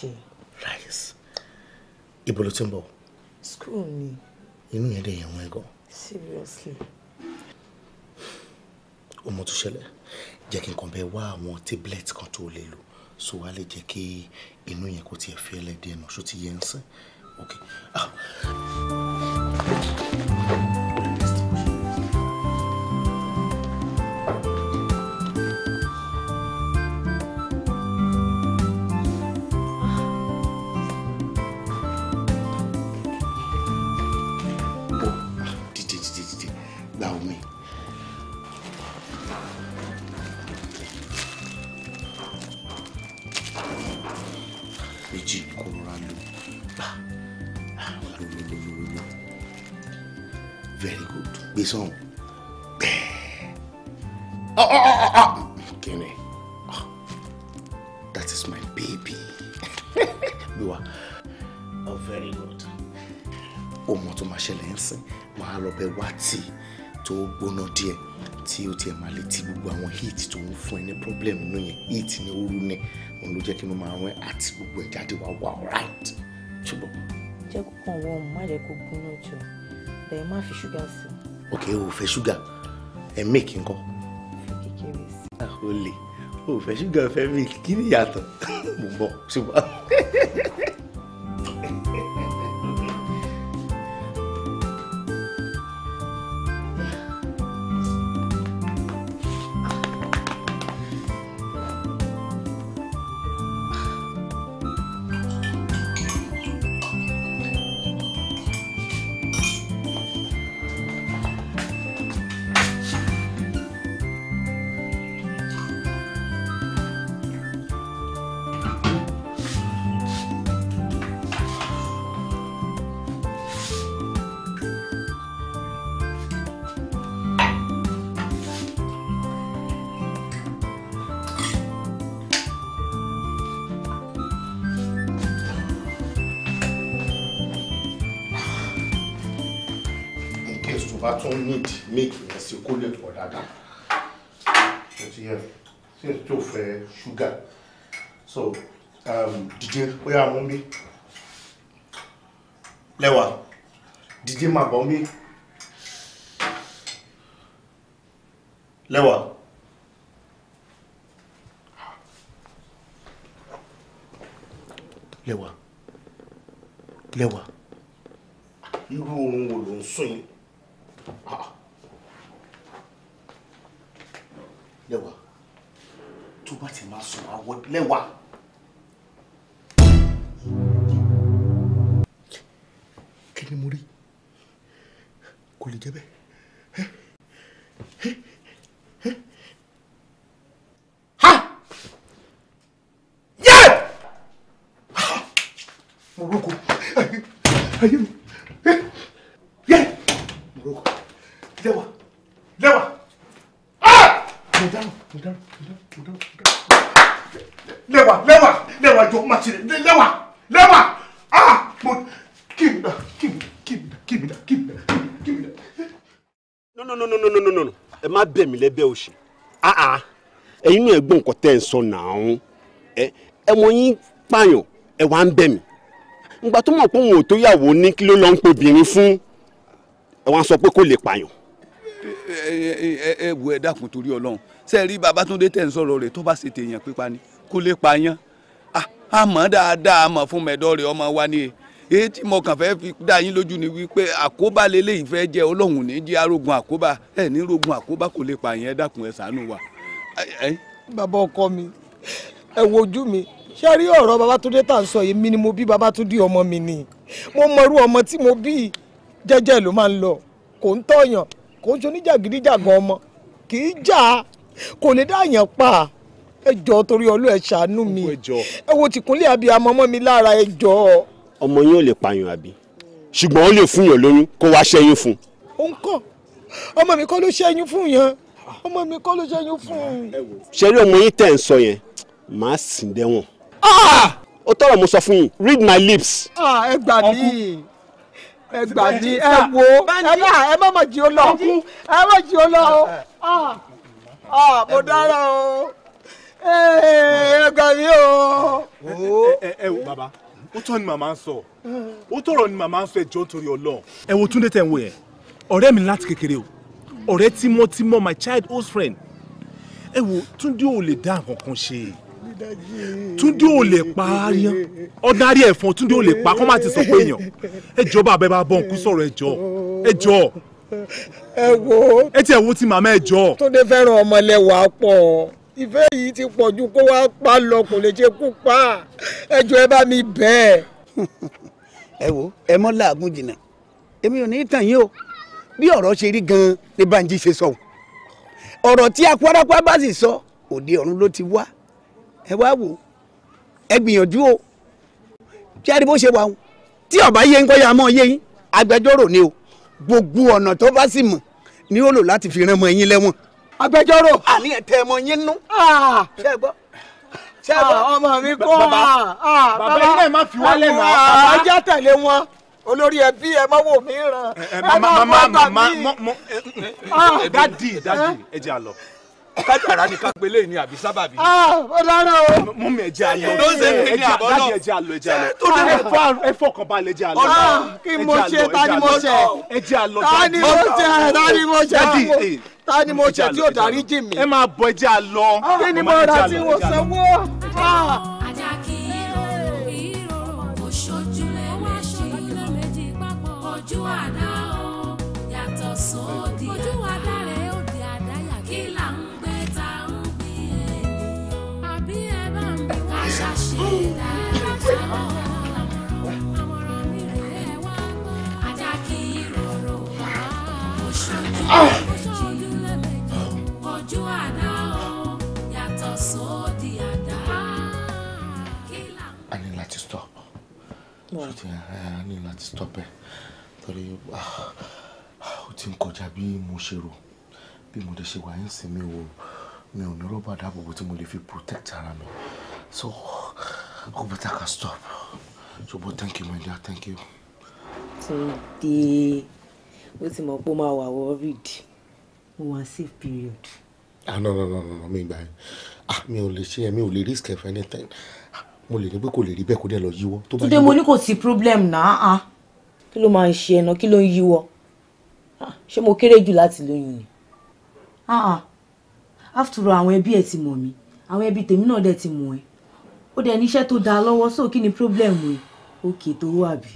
Okay. Rice. Ibo lo ti ń bọ̀? School ni. Inú yẹn dẹ̀ yẹn wọ́n gan. Seriously. Ọmọ tó ṣẹlẹ̀, jẹ́ kí n kàn bẹ́ẹ̀ wá àwọn tablet kan tó lè lò so wàá lè jẹ́ kí inú yẹn kó tiẹ̀ fi ẹlẹ́dẹ̀ẹ́ náà ti yẹn ń sìn. Okay. Ah. Ah, ah, ah, Kenny, that is my baby. Biwa, oh very good. Ọmọ tó máa ṣẹlẹ̀ ń sìn, máa lọ bẹ wá tí tó gbóná díẹ̀ tí o tiẹ̀ máa lè ti gbogbo àwọn heat tó ń fún ẹ ní problem nínú yẹn heat ní ooru ni òun ló jẹ́ kí mo máa rán àti gbogbo ẹ̀ jáde wá wá right ṣùgbọ́n. jẹ́ kó kàn wọ́n má jẹ́ kó gbóná jù bẹ́ẹ̀ má fi ṣúgà sí. ok o fẹ́ ṣúgà ẹ̀ mẹ́kì nǹkan. Αχ, πολύ. Ο φέσου καφέ με κοινιάτο. Μου μπω, sí kó lè pọ̀ dáadáa ṣe ti yẹ ṣe sugar. so um, dìde bóyá mú mi lẹ́wà dìde máa bọ́ mi Lewa. lẹ́wà lẹ́wà irú oorun wo ló ń sùn yìí. Ah. lẹ́wà tó bá ti máa sùn àwọ̀ lẹ́wà. kí ni mo rí kò lè jẹ́ bẹ́ẹ̀. Morocco. Ayé mi. Yẹ́ Morocco. lẹ́wà lẹ́wà lẹ́wà jọ máa ṣe lẹ́wà lẹ́wà ah mo kí mi dá kí mi kí dá kí mi dá kí mi dá kí mi dá. no no no no no no no no ẹ má bẹ̀ mí lẹ́bẹ̀ òṣì ah ah ẹ̀yin náà ẹ gbọ́ nǹkan tẹ́ ẹ̀ ń sọ nàá ẹ ẹ mọ yín pààyàn ẹ wá ń bẹ̀ mí ngbà tó mọ̀ pé òun ò tó yàwó ní kí ló lọ́ ń pe obìnrin fún ẹ wá sọ pé kó lè pààyàn ẹ wo ẹ dákun torí Ọlọ́run ṣe rí Babátúndé tẹ̀ ń sọ̀rọ̀ rẹ̀ tó bá ṣe tèèyàn pípa ni kó lè pa yán a mọ̀ dáadáa mọ̀ fún mẹ́dọ́rẹ̀ ọmọ wa ni èyí tí mo kàn fẹ́ fi dá yín lójú ni wípé àkóbá leléyìí fẹ́ jẹ́ Ọlọ́run ní jẹ́ arógun àkóbá ẹ ní rogun àkóbá kò lè pa yẹn ẹ dákun ẹ ṣàánú wa. bàbá ọkọ mi ẹ wojú mi ṣe rí ọ̀rọ̀ Babátúndé tà ń sọ yìí mi ni mo bí Babátúndé ọmọ mi ni mo mọrú ọmọ tí mo bí jẹ́jẹ́ ló máa ń lọ kò ń tọ̀yàn kò ń ṣoníjàgídíjàgan ọmọ kì í jà kò lè dáàyàn pa ẹjọ́ torí ọlú ẹ ṣàánú mi ẹ wo tìkúnlẹ̀ àbí amọ́mọ́ mi lára ẹjọ́. ọmọ yín ò lè pààyàn àbí ṣùgbọ́n ó lè fún yàn lóyún kó wá ṣẹ́yún fún. ó ń kọ́ ọmọ mi kọ́ ló ṣẹ́yún fún yẹn ọmọ mi kọ́ ló ṣẹ́yún fún ṣe rí ọmọ yín tẹ̀ ń sọ yẹn màá sìn dẹ́wọ̀n. Ah! ó tọrọ mo sọ fún yín read my lips. Ah, ẹ gbà mí ẹ gbà ní ẹ wo ẹ má ẹ má mọ̀ jí ó lọ ẹ má jí ó lọ o mo dára o ẹ gbà mí o. ẹ wo bàbá ó tọ́ ni màmá ń sọ ó tọ̀rọ̀ ni màmá ń sọ ẹjọ́ nítorí Ọlọ́run. ẹ wo Túndé tẹ̀ ń wo yẹn ọ̀rẹ́ mi láti kékeré o ọ̀rẹ́ tímọ́tímọ́ my childhood friend ẹ wo Túndé ò lè dá nǹkan kan ṣe túndé ò lè pa á yan ọ̀dàrí ẹ̀fọn túndé ò lè pa kọ́ má ti sọ pé èèyàn ẹjọ́ bàbá ẹ bá bọ̀ nkú sọ̀rọ̀ ẹjọ́ ẹjọ́ ẹ ti ẹ wo ti màmá ẹjọ́. túndé fẹ́ràn ọmọlẹ́wà pọ̀ ìfẹ́ yìí ti pọ̀ ju kó wá pa lọ kò lè ṣe kú pa ẹjọ́ ẹ bá mi bẹ́ẹ̀. ẹ wo ẹ mọ làágùn jìnnà èmi ò ní tàn yín o bí ọ̀rọ̀ ṣe rí gan-an ni Bánjí ṣe sọ ọ̀rọ̀ tí akwarapa bá sì sọ òde ọ̀run ló ti wá ẹ wá wò ẹ gbìyànjú o tí a rí bó ṣe wà o tí ọba yé ń kọ́ ya mọ́ yé yín agbẹjọ́rò ni o gbogbo ọ̀nà tó bá sì mọ̀ ni ó lò láti fi rán mọ́ yín lẹ́wọ̀n. agbẹjọ́rò àní ẹ̀ tẹ́ ẹ mọ́ yín nú. Ah! ṣé gbọ́ ṣé ah, gbọ́ ọmọ mi kọ́ ah, bàbá bàbá ilé má fi wá lẹ́nu bàbá já tẹ̀lé wọn olórí ẹbí ẹ má wò mí ràn ẹ má wá bà mí. mama mama mama eh, eh, eh, dadi dadi ẹ jẹ́ àlọ́ kádàrá ni ká gbélé ni àbí sábàbí. Ah, ó dáná o. mú mi ẹ̀jẹ̀ alọ ẹ̀jẹ̀ alọ ẹ̀jẹ̀ alọ ẹ̀jẹ̀ alọ tó lè fọ ẹ̀fọ́ kan balẹ̀ ẹ̀jẹ̀ alọ. kí mo ṣe tani ni mo ṣe ah, ẹ̀jẹ̀ alọ tani ni mo ṣe ta ni mo ah, ṣe ta ni mo ṣe tí ò dárí jì mí. ẹ máa bọ ẹ̀jẹ̀ alọ. kí ni mo ra tí mo sanwó. ṣe wà yín sinmi o mi ò ní rọ́bà dáàbòbò tí mo lè fi protect ara mi so ó better ká stop ṣùgbọ́n thank you my dear thank you. Túndé ó ti mọ̀ pé ó máa wà worried ó wà safe period. ah no no no no mi gbà yín ah mi ò lè ṣe ẹ mi ò lè risk ẹ for anything ah, mo lè ní pé kò lè rí bẹ́ẹ̀ kó dẹ̀ lọ yíwọ́. Túndé mo ní kò sí problem náà ah. kí ló máa ń ṣe ẹ̀nà kí ló ń yíwọ́ ah, ṣé mo kéré jù láti lóyún ni. Ah, ah, after all àwọn ẹbí ẹ ti mọ̀ mí àwọn ẹbí tèmi náà dẹ̀ ti mọ̀ ẹ́ ó dẹ̀ níṣẹ́ tó dáa lọ́wọ́ so kí ni problem ẹ òkè tó wà bí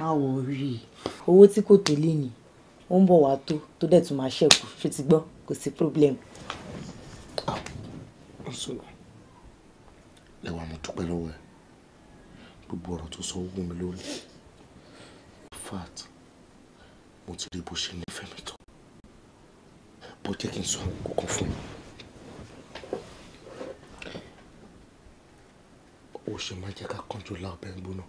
má wọ rí i owó tí kò tó lé ní ó ń bọ̀ wá tó tó dẹ̀ tún máa ṣẹ̀kù ṣe ti gbọ́ kò sí problem. lẹ́wọ̀n mo dúpẹ́ lọ́wọ́ ẹ gbogbo ọ̀rọ̀ tó sọ wù mí lórí fact mo ti rí bó ṣe ní bó jẹ́ kí n sọ àwọn kankan fún mi. ó ṣe máa jẹ́ ká kánjú lá ọbẹ̀ gbóná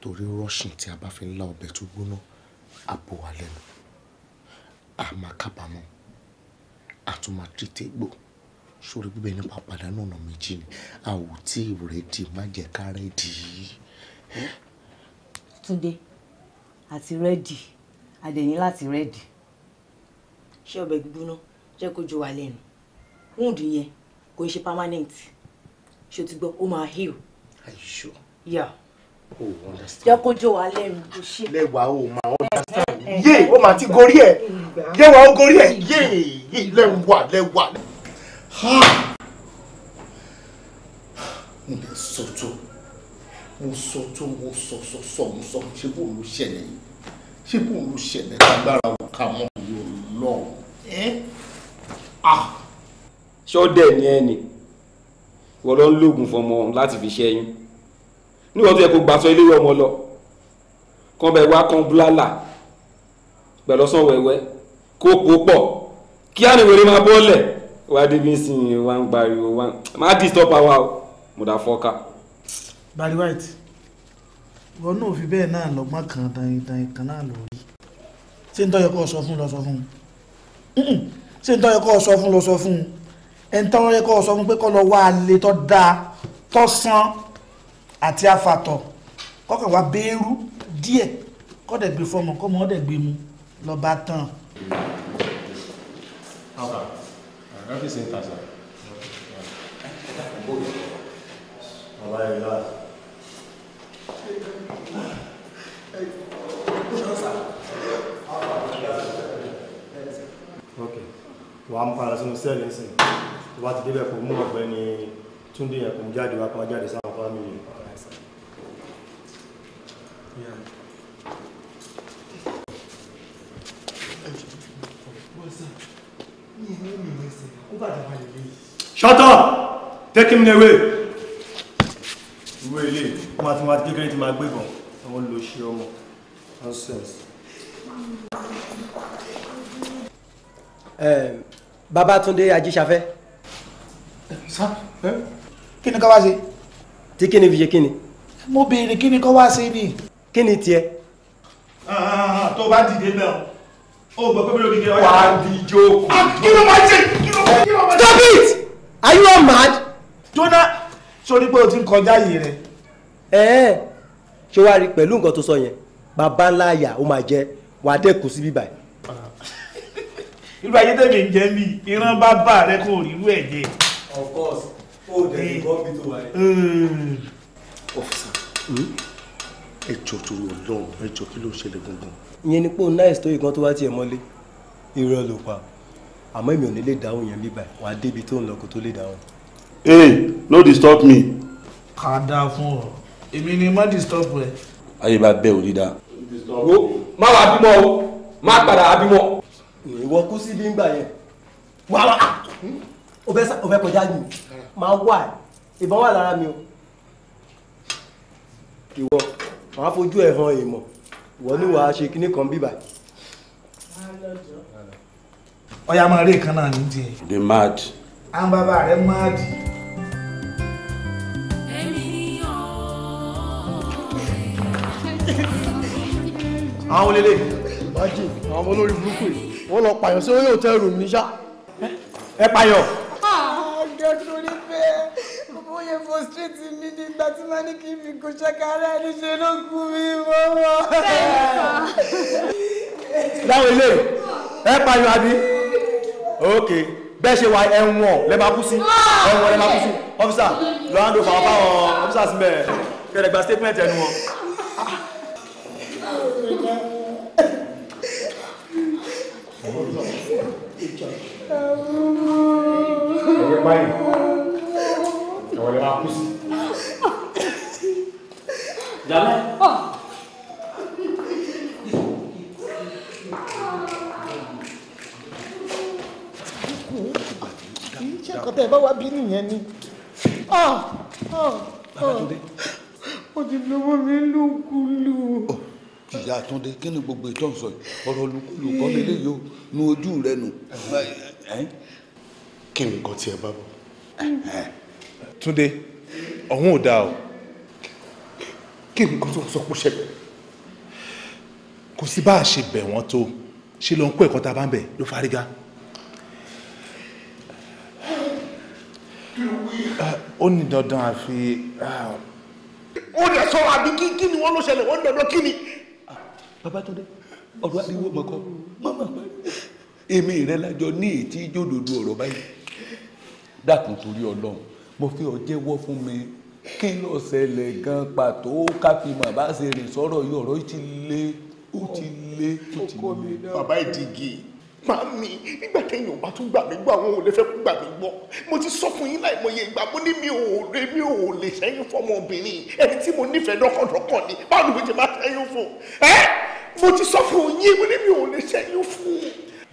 torí russian tí a bá fi ń lá ọbẹ̀ tó gbóná á bò wá lẹ́nu a máa kábàámọ̀ a tún máa tètè gbò sórí bíbẹ̀ nípa pàdánù ọ̀nà méjì ni a ò tí ì rẹ́dì má jẹ́ ká rẹ́dì yìí. àti rẹ́dì a láti rẹ́dì ṣé ọbẹ̀ gbígbóná jẹ́ kó wa lẹ́nu wound yẹn kò ń ṣe permanent ṣé o ti gbọ́ ó máa heal. are you sure. yeah. oh, understand. jẹ́ kó wa lẹ́nu kò ṣe. lẹ́wàá o máa eh, eh, understand eh. yé o máa ti gorí ẹ̀ lẹ́wàá o gorí ẹ̀ yé lẹ́wàá lẹ́wàá. mo sọ tó mo sọ tó mo sọ sọ sọ mo sọ ṣé bó ló ṣẹlẹ̀ yìí ṣé bó ló ṣẹlẹ̀ lágbára òkà mọ́. ṣọ́dẹ̀ ni ẹ nì wọ́n lọ ń lògùn fọmọ láti fi ṣẹ́yìn níwọ̀n tó yẹ kó gbàtọ́ iléèwé ọmọ lọ kán bẹ wá kán búlálà pẹ̀lú ọsàn wẹ̀wẹ́ kó kó pọ̀ kí àníwèrè máa bọ́ọ̀lẹ̀ wá débi ń sìn wá ń pariwo wá má disturb àwa o mo dà fọ́ọ̀ká. Barry White wọn náà fi bẹ́ẹ̀ náà lọ́gbọ́n kan dayin kan náà lórí ṣé ń tọ́ yẹ kó o sọ fún lọ sọ fún un ṣé ń tọ́ yẹ kó o sọ fún lọ sọ fún un ẹni tán rẹ kọ́ sọ fún pé kọ́ lọ wá alẹ́ tó dáa tó sán àti afatọ̀ kọ́kàn wá béérú díẹ̀ kọ́ dẹ̀ gbé fọmọ kọ́ mọ́ dẹ̀ gbé mu lọ bá tán. ọ́fíìsì ń tàṣà ọ̀la ẹ̀ yára. ok tó bá ti débẹ̀ kó mú ọ̀gbẹ́ni Túndé yẹn kó jáde wá kó wá jáde sáwọn fámìlì. Shut up! Take him away! Ìwé ilé, wọ́n máa ti máa kékeré ti máa gbébọn, àwọn lò ṣe ọmọ. Nonsense. Babatunde Ajíṣafẹ́ kí ni ká wá ṣe. tí kí ni fi ṣe kí ni. mo béèrè kí ni ká wá ṣe ni. kí ni tiẹ̀. Ah, ah, ah, tó bá dìde náà ó gbọ́ pé lórí ìgbéyàwó. wàá di jókòó. kí ló máa ṣe kí ló máa ṣe. stop it are you all mad. jona sori pé o ti ń kọjá yìí rẹ. ẹ ẹ ṣé wàá rí pẹ̀lú nǹkan tó sọ yẹn bàbá ńlá àyà ó máa jẹ wàá dẹ́kun síbí báyìí irú ayé tẹ̀mí ń jẹ́ mi ìran bàbá rẹ kò rí irú ẹ̀ jẹ́ of course ó dẹ̀ lè bọ́ to. Mm. Mm. tó Officer. ọ̀fíìsà ẹ jọ torí ọlọ́run ẹ jọ kí ló ń ṣẹlẹ̀ gangan. ìyẹn ni pé nice tó ìkan tó wá tiẹ̀ mọ́lé irọ́ ló pa àmọ́ èmi ò ní lè dáhùn yẹn bíbá wà á débi tó ń lọ kó tó lè dáhùn. hey no disturb me. kà á dáa fún ọ èmi ni má disturb rẹ. ayé bá bẹ́ẹ̀ òní dá. wo má wàá bímọ o má padà wàá bímọ. ìwọ kú sí bí ń gbà yẹn wàá wàá o fẹ́ kọjá mi máa wà ìbọn wà lára mi o ìwọ màá fojú ẹ̀ hàn ìmọ̀ ìwọ ni wàá ṣe kíní kan bíbà. ọ̀yà máa rí nǹkan náà ní tiẹ̀. the mad. àwọn bàbá mad. àwọn olèlè májì àwọn olórí burúkú yìí wọ́n lọ pààyàn sí orí òtẹ́ẹ̀lì mi ṣá. ẹ pààyàn. frustrate mi nígbà tí màá ní kí n fi kò ṣàkárá ẹni ṣe ló kú mi mọ́wọ́. láwọn ilé ẹ pariwo àbí ok bẹ́ẹ̀ ṣe wa ẹ̀wọ̀n lẹ́ máa kú sí ẹ̀wọ̀n lẹ́ máa kú sí ọ́fíṣà lọ́wọ́ fàwọn fáwọn ọ́fíṣà sí bẹ́ẹ̀ kẹrẹ gba statement ẹnu wọn. Thank you ọ̀rẹ́ máa kú sí. Jàmẹ́. Ṣé àkọ́tà ẹ̀ bá wá bí nìyẹn ni? Ah, ah, Babatunde. Ah. Ó ti lọ́wọ́ mi lókùlù. Oh, Ìyá Túndé, kí ni gbogbo ìtàn sọ yìí? Ọ̀rọ̀ lùkúlù kọ́ lélẹ́yìí o, nu ojú rẹ nù. Eh. Eh? Kí nǹkan tí ẹ bá bọ̀? Eh, túndé ọ̀hún ò dáa o kí nǹkan tó sọ pé ṣẹlẹ̀ kò sí bá a ṣe bẹ̀ wọ́n tó ṣe ló ń kó ẹ̀kọ́ tá a bá ń bẹ̀ ló fárígá. ó ní dandan àfi. ó lè sọ àbí kí kí ni wọ́n ló ṣẹlẹ̀ wọ́n dandan kí ni. Babátúndé ọ̀rọ̀ ariwo mọ̀kọ́ mọ́mọ́ pẹ́ èmi rẹ̀ lájọ ní ètí ìjódòdó ọ̀rọ̀ báyìí dákun torí Ọlọ́run mo fi ọ jẹ́wọ́ fún mi kí ló ṣẹlẹ̀ gan pàtó ká fi mọ̀ bá ṣe rìn sọ̀rọ̀ yìí ọ̀rọ̀ yìí ti lé ó ti lé ó ti lé. bàbá ìdígi màámi nígbà téèyàn bá tún gbà mí gbọ́ àwọn òun lè fẹ́ gbà mí gbọ́ mo ti sọ fún yín láìmọye ìgbà mo ní mi ò lè mi ò lè ṣẹ́yìn fọmọbìnrin ẹni tí mo nífẹ̀ẹ́ dọ́kọ̀dọ́kọ̀ ni báwo ni mo ti máa ṣẹ́yìn fún ẹ mo ti sọ fún yín mo ní mi ò lè ṣẹ́yìn fún.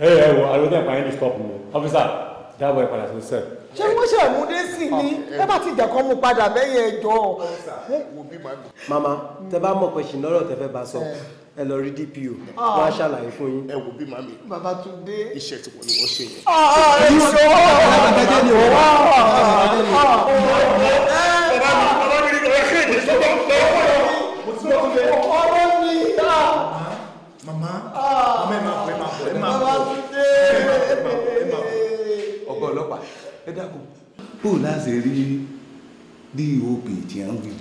ẹ ẹ wo àlọ́ tẹ̀ pààyàn ní stop mi ọ́fíìsà dábọ̀ ẹ̀ padà sí sẹ́ẹ̀ ṣé wọ́n ṣe múdé sí ni ẹ bá ti jẹ̀kọ́ mu padà bẹ́yẹn ẹjọ́. mama tẹ bá mọ̀ pé ṣìnàrọ̀ tẹ fẹ́ bá sọ ẹ lọ rí DPO wọ́n á ṣàlàyé fún yín. ẹ wò bí màmí Babátúndé iṣẹ́ tí wọ́n ní wọ́n ṣe yẹn. ìṣó ọ̀ọ́dẹ́gbẹ́jẹ́ ni wọ́n wá ọ̀ọ́dẹ́gbẹ́jẹ́ ni wọ́n wá. mama mama ẹ máa bọ̀ ẹ máa bọ̀ ẹ máa bọ̀. ẹ dákun bó láti rí dop tí a ń wí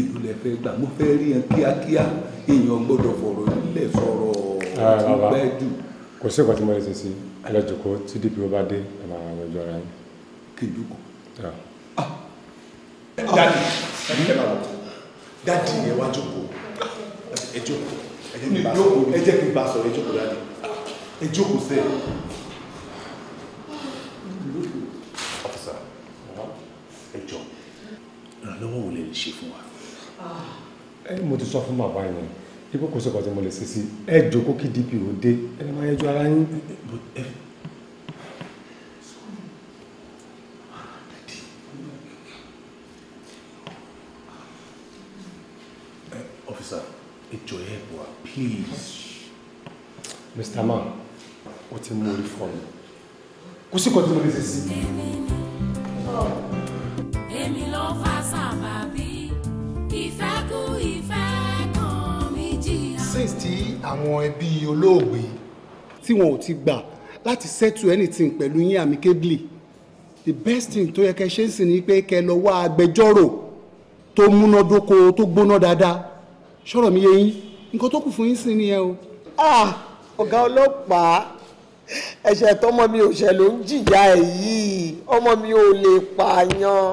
ìlú lẹ fẹ́ gbà mo fẹ́ rí yẹn kíákíá èèyàn gbọ́dọ̀ fọ̀rọ̀ nílẹ̀ sọ̀rọ̀ ọgbẹ jù. kò sí ìkọ́ tí mo sí ẹlẹ́jọ̀kọ́ tí dp bá dé ẹ̀ máa ń wọjọ́ ara yín. kejúkọ. dadi ẹ máa dadi yẹn wá jókòó ẹ jókòó hmm, kí n bá sọ̀rọ̀ ẹ jókòó dadi ẹ jókòó sẹ́yìn. ìrànlọ́wọ́ wo lè ṣe fún wa. mo ti sọ fún bàbá yẹn ipò kò sọkọ tí mo lè ṣe sí ẹ jókòó kí dp ò dé ẹ lè máa yẹjú ara yín. ọfíìsà ẹ jọ̀ọ́ ẹ help please. mr man o ti mú orí fọ́ mi kò sí kọ́ tí mo lè ṣe sí. Oh èmi ló fa sábàbí ìfẹ́ kú ìfẹ́ kan mi jìyà. since tí àwọn ẹbí olóògbé tí wọn ò ti gbà láti settle anything pẹ̀lú yín amicably the best thing tó yẹ kẹ́ ṣe ń sìn ni pé kẹ́ lọ wá agbẹjọ́rò tó múnádóko tó gbóná dáadáa ṣọ́rọ̀ mi yé yín nǹkan tó kù fún yín sìn nìyẹn o. Ah, ọ̀gá ọlọ́pàá ẹ̀ṣẹ̀ tọmọ mi ò ṣẹ̀ ló ń jìyà ẹ̀ yìí ọmọ mi ò lè pààyàn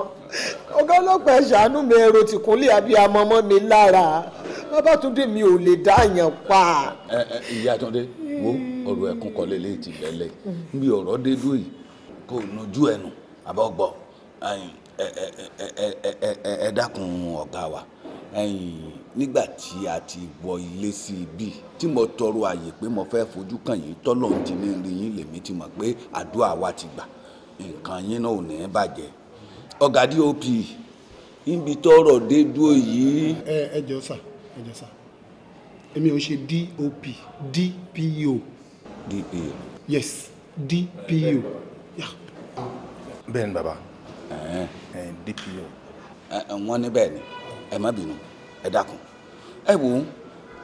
ọ̀gá ọlọ́pàá ẹ ṣàánú mi ẹ̀rọ tìkúnlẹ̀ abiyamọ mọ́ mi lára Babátúndé mi ò lè dá yàn pa. ẹ ẹ ìyá Túndé wo ọ̀rọ̀ ẹkún kọlẹ lẹ́yìn ti bẹlẹ níbi ọ̀rọ̀ dé dúró yìí kò nojú ẹnu àbá ẹ dákun ọ̀gá wa nígbà tí a ti wọ ilé sí ibi tí mo tọrọ àyè pé mo fẹ́ fojú kàn yín tọ́lọ́run ti ní rí yín lèmi ti mọ̀ pé àdúrà wa ti gbà nǹkan yín náà ò ní bàjẹ́ ọ̀gá dop níbi tọ́rọ̀ dé dúró yìí. ẹ ẹ jọ sà ẹ jọ sà èmi ò ṣe dop dpo. dpo. yes dpo. bẹ́ẹ̀ ni bàbá dpo. wọ́n ní bẹ́ẹ̀ ni ẹ má bínú ẹ dákun ẹ wò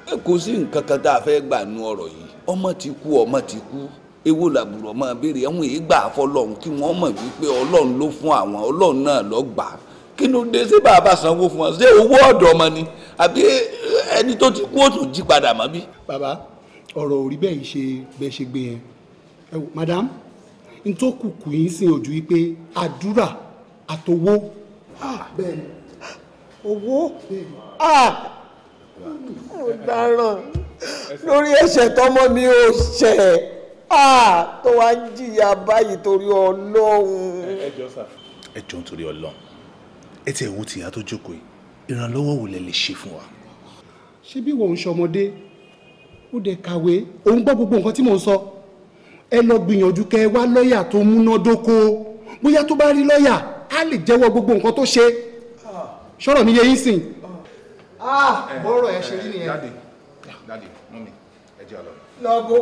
ó kò sí nǹkan kan tá a fẹ́ gbà nu ọ̀rọ̀ yìí ọmọ ti kú ọmọ ti kú. èwo làbùrọ̀ máa béèrè àwọn èyí gbà fọlọ́run kí wọ́n mọ̀ wípé ọlọ́run ló fún àwọn ọlọ́run náà ló gbà á kí ló dé sí bàbá sanwó fún ọ ṣé owó ọ̀dọ̀ ọmọ ni àbí eh, ẹni tó ti kú ó tún jí padà mọ́ bí. bàbá ọ̀rọ̀ ò rí bẹ́ẹ̀ ṣe bẹ́ẹ̀ ṣe gbé yẹn ẹ wò madam n tó kù kù yín sí ojú yìí pé àdúrà àtowó ah, bẹ́ẹ̀ ni owó ọ̀daràn ah! lórí ẹ̀ṣẹ̀ tọmọ mi ò ṣẹ̀ tó wá ń jìyà báyìí torí ọlọ́run. ẹ jọ nítorí ọlọ́run ẹ ti ẹ̀wọ̀n tìyà tó jókòó yìí ìrànlọ́wọ́ wo lẹ lè ṣe fún wa. ṣé bí wọn ń ṣọmọdé ó dẹ kàwé òun gbọ́ gbogbo nǹkan tí mò ń sọ ẹ lọ gbìyànjú kẹ wá lọ́ọ̀yà tó múnádóko bóyá tó bá rí lọ́ọ̀yà á lè jẹ́wọ́ gbogbo nǹkan tó ṣe ṣọ́rọ̀ mi yé yín sìn. Ah, bọ́rọ̀ ẹ ṣe rí nìyẹn. dáde dáde mọ́mi ẹ jẹ́ àlọ́. lọ́gọ́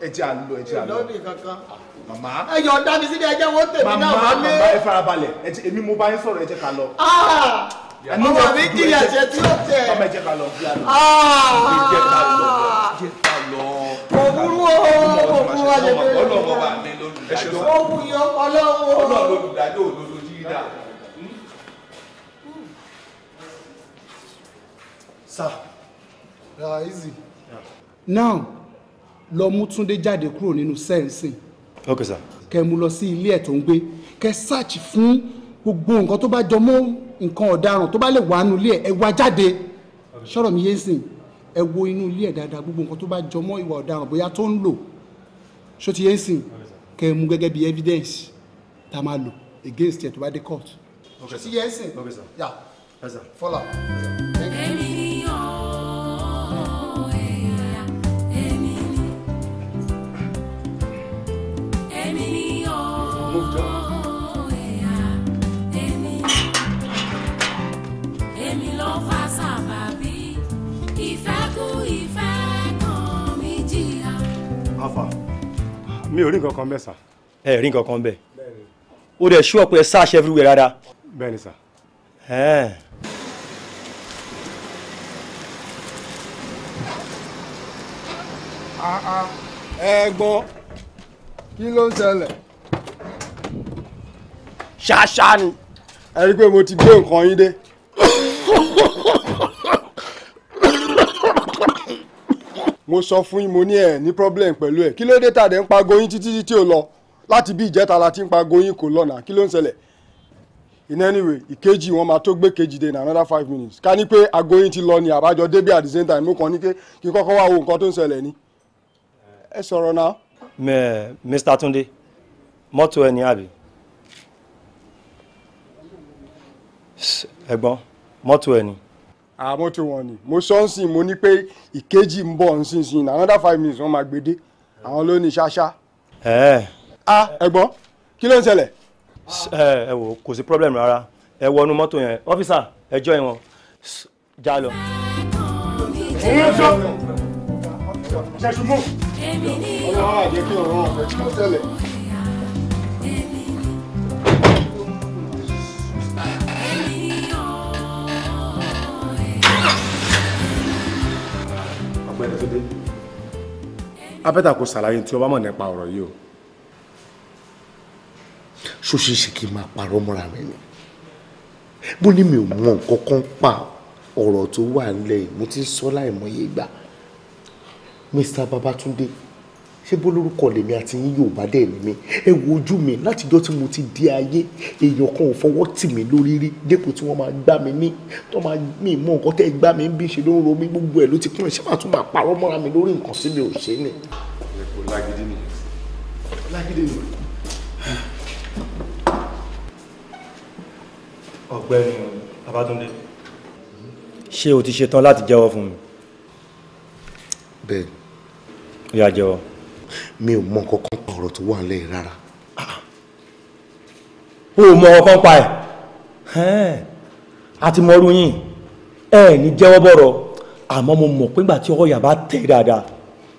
ẹ jẹ́ àlọ ẹ jẹ́ àlọ. ìlọ́ọ̀nì kankan. Ah, màmá. ẹ yọ̀ ọ̀dà mi sílẹ̀ ẹ jẹ́ wọ́n tèmi náà wọlé. màmá màmá ẹ farabalẹ̀ ẹ jẹ́ èmi mo bá yín sọ̀rọ̀ ẹ jẹ́ ká lọ. Ah, ọmọ mi jìyà jẹ tí ó tẹ. ọmọ ẹ jẹ́ ká lọ. ẹ jẹ́ ká lọ. Ah. òwúrú òwúrú ayẹyẹ. ọlọ́wọ́ bá mi lólùdájọ́. òwú yọ ọlọ́wọ́. ọlọ́wọ́ lólùdájọ́ òdodo jíjà. Hmm. sir. Uh, easy. Yeah. Now, lọ mú Túndé jáde kúrò nínú sẹ́ǹsìn. ok sir. kẹ́ mú lọ sí ilé ẹ̀ tó ń gbé kẹ́ search fún gbogbo nǹkan tó bá jọ mọ́ nǹkan ọ̀daràn tó bá lè wà nínú ilé ẹ̀ ẹ wá jáde sọ̀rọ̀ mi yé ń sìn ẹ wo inú ilé ẹ̀ dáadáa gbogbo nǹkan tó bá jọ mọ́ ìwà ọ̀daràn bóyá tó ń lò ṣó ti yé sìn kẹ́ mú gẹ́gẹ́ bí evidence tá a máa lò against ẹ̀ tó bá dé court. ok sir ok sir. Yeah. Yes, sir. àfà mi ò rí nǹkan kan bẹ́ẹ̀ sà. ẹ rí nǹkan kan bẹ́ẹ̀ o dẹ̀ ṣú ọ̀pẹ search everywhere rárá. bẹ́ẹ̀ ni sà. ẹ̀gbọ́n kí ló ń ṣẹlẹ̀. ṣáṣá ni. ẹ rí i pé mo ti gbé nǹkan yín dé. mo sọ fún yín mo ní ẹ ní problem pẹ̀lú ẹ kí ló dé tàdé ń pa goyin títí títí ò lọ láti bí ìjẹta la ti ń pa goyin kò lọ́nà kí ló ń ṣẹlẹ̀ in any way ìkejì wọn máa tó gbé kejì dé in another five minutes ká ní pé agoyin ti lọ ni àbájọ débi at the same time mo kàn ní pé kí kọ́kọ́ wá wo nǹkan tó ń ṣẹlẹ̀ ni ẹ sọ̀rọ̀ náà. Mr. Tunde mọ́tò ẹ ní àbí ẹ̀gbọ́n mọ́tò ẹ ní àmọ́ tí wọ́n ni mo sọ ń sìn mo ní pé ìkejì ń bọ̀ ń sìn ní another five minutes wọ́n máa gbédé àwọn ló ní ṣáṣá. a ẹ̀gbọ́n kí ló ń ṣẹlẹ̀. ẹ wò kò sí problem rárá ẹ wọnú mọ́tò yẹn ọ́fíìsà ẹ jọ́ ìwọ̀n já lọ. ṣèṣùmọ́ ọlọ́run àjẹkí ọ̀rọ̀ ọ̀fẹ́ kí ló ṣẹlẹ̀. mẹ́rin tó dé abẹ́ta kò ṣàlàyé tí o bá mọ̀ nípa ọ̀rọ̀ yìí o ṣóṣìṣì kì í máa parọ́ mọ́ra mi ni bó ní mi ò mọ nǹkan kan pa ọ̀rọ̀ tó wà nílẹ̀ yìí mo ti sọ láìmọye ìgbà Mr Babatunde ṣé bó lórúkọ lèmi àti yín Yorùbá dẹ̀ ni mi ẹ wo ojú mi látijọ́ tí mo ti di ayé èèyàn kan ò fọwọ́ tì mí lórí rí dépò tí wọ́n máa gbá mi ní tó máa mí mọ nǹkan tẹ́ gbá mi ń bí ṣe ló ń ro mí gbogbo ẹ̀ ló ti kún ẹ̀ ṣé màá tún máa parọ́ mọ́ra mi lórí nǹkan sí mi ò ṣe ni. ẹ̀kọ́ lágídí ni lágídí ni ọ̀gbẹ́ni Babátúndé ṣé o ti ṣetán láti jẹ́wọ́ fún mi. bẹ́ẹ̀ ni. ó yá jẹ́wọ́ mi ò mọ nǹkan pa ọ̀rọ̀ tó wà lẹ́yìn rárá. o ò mọ ọkàn pa ẹ̀ àti mọ́rú yín ẹ ní jẹ́wọ́ bọ̀rọ̀ àmọ́ mo mọ̀ pé ìgbà tí ọkọ̀ yàrá tẹ̀ dáadáa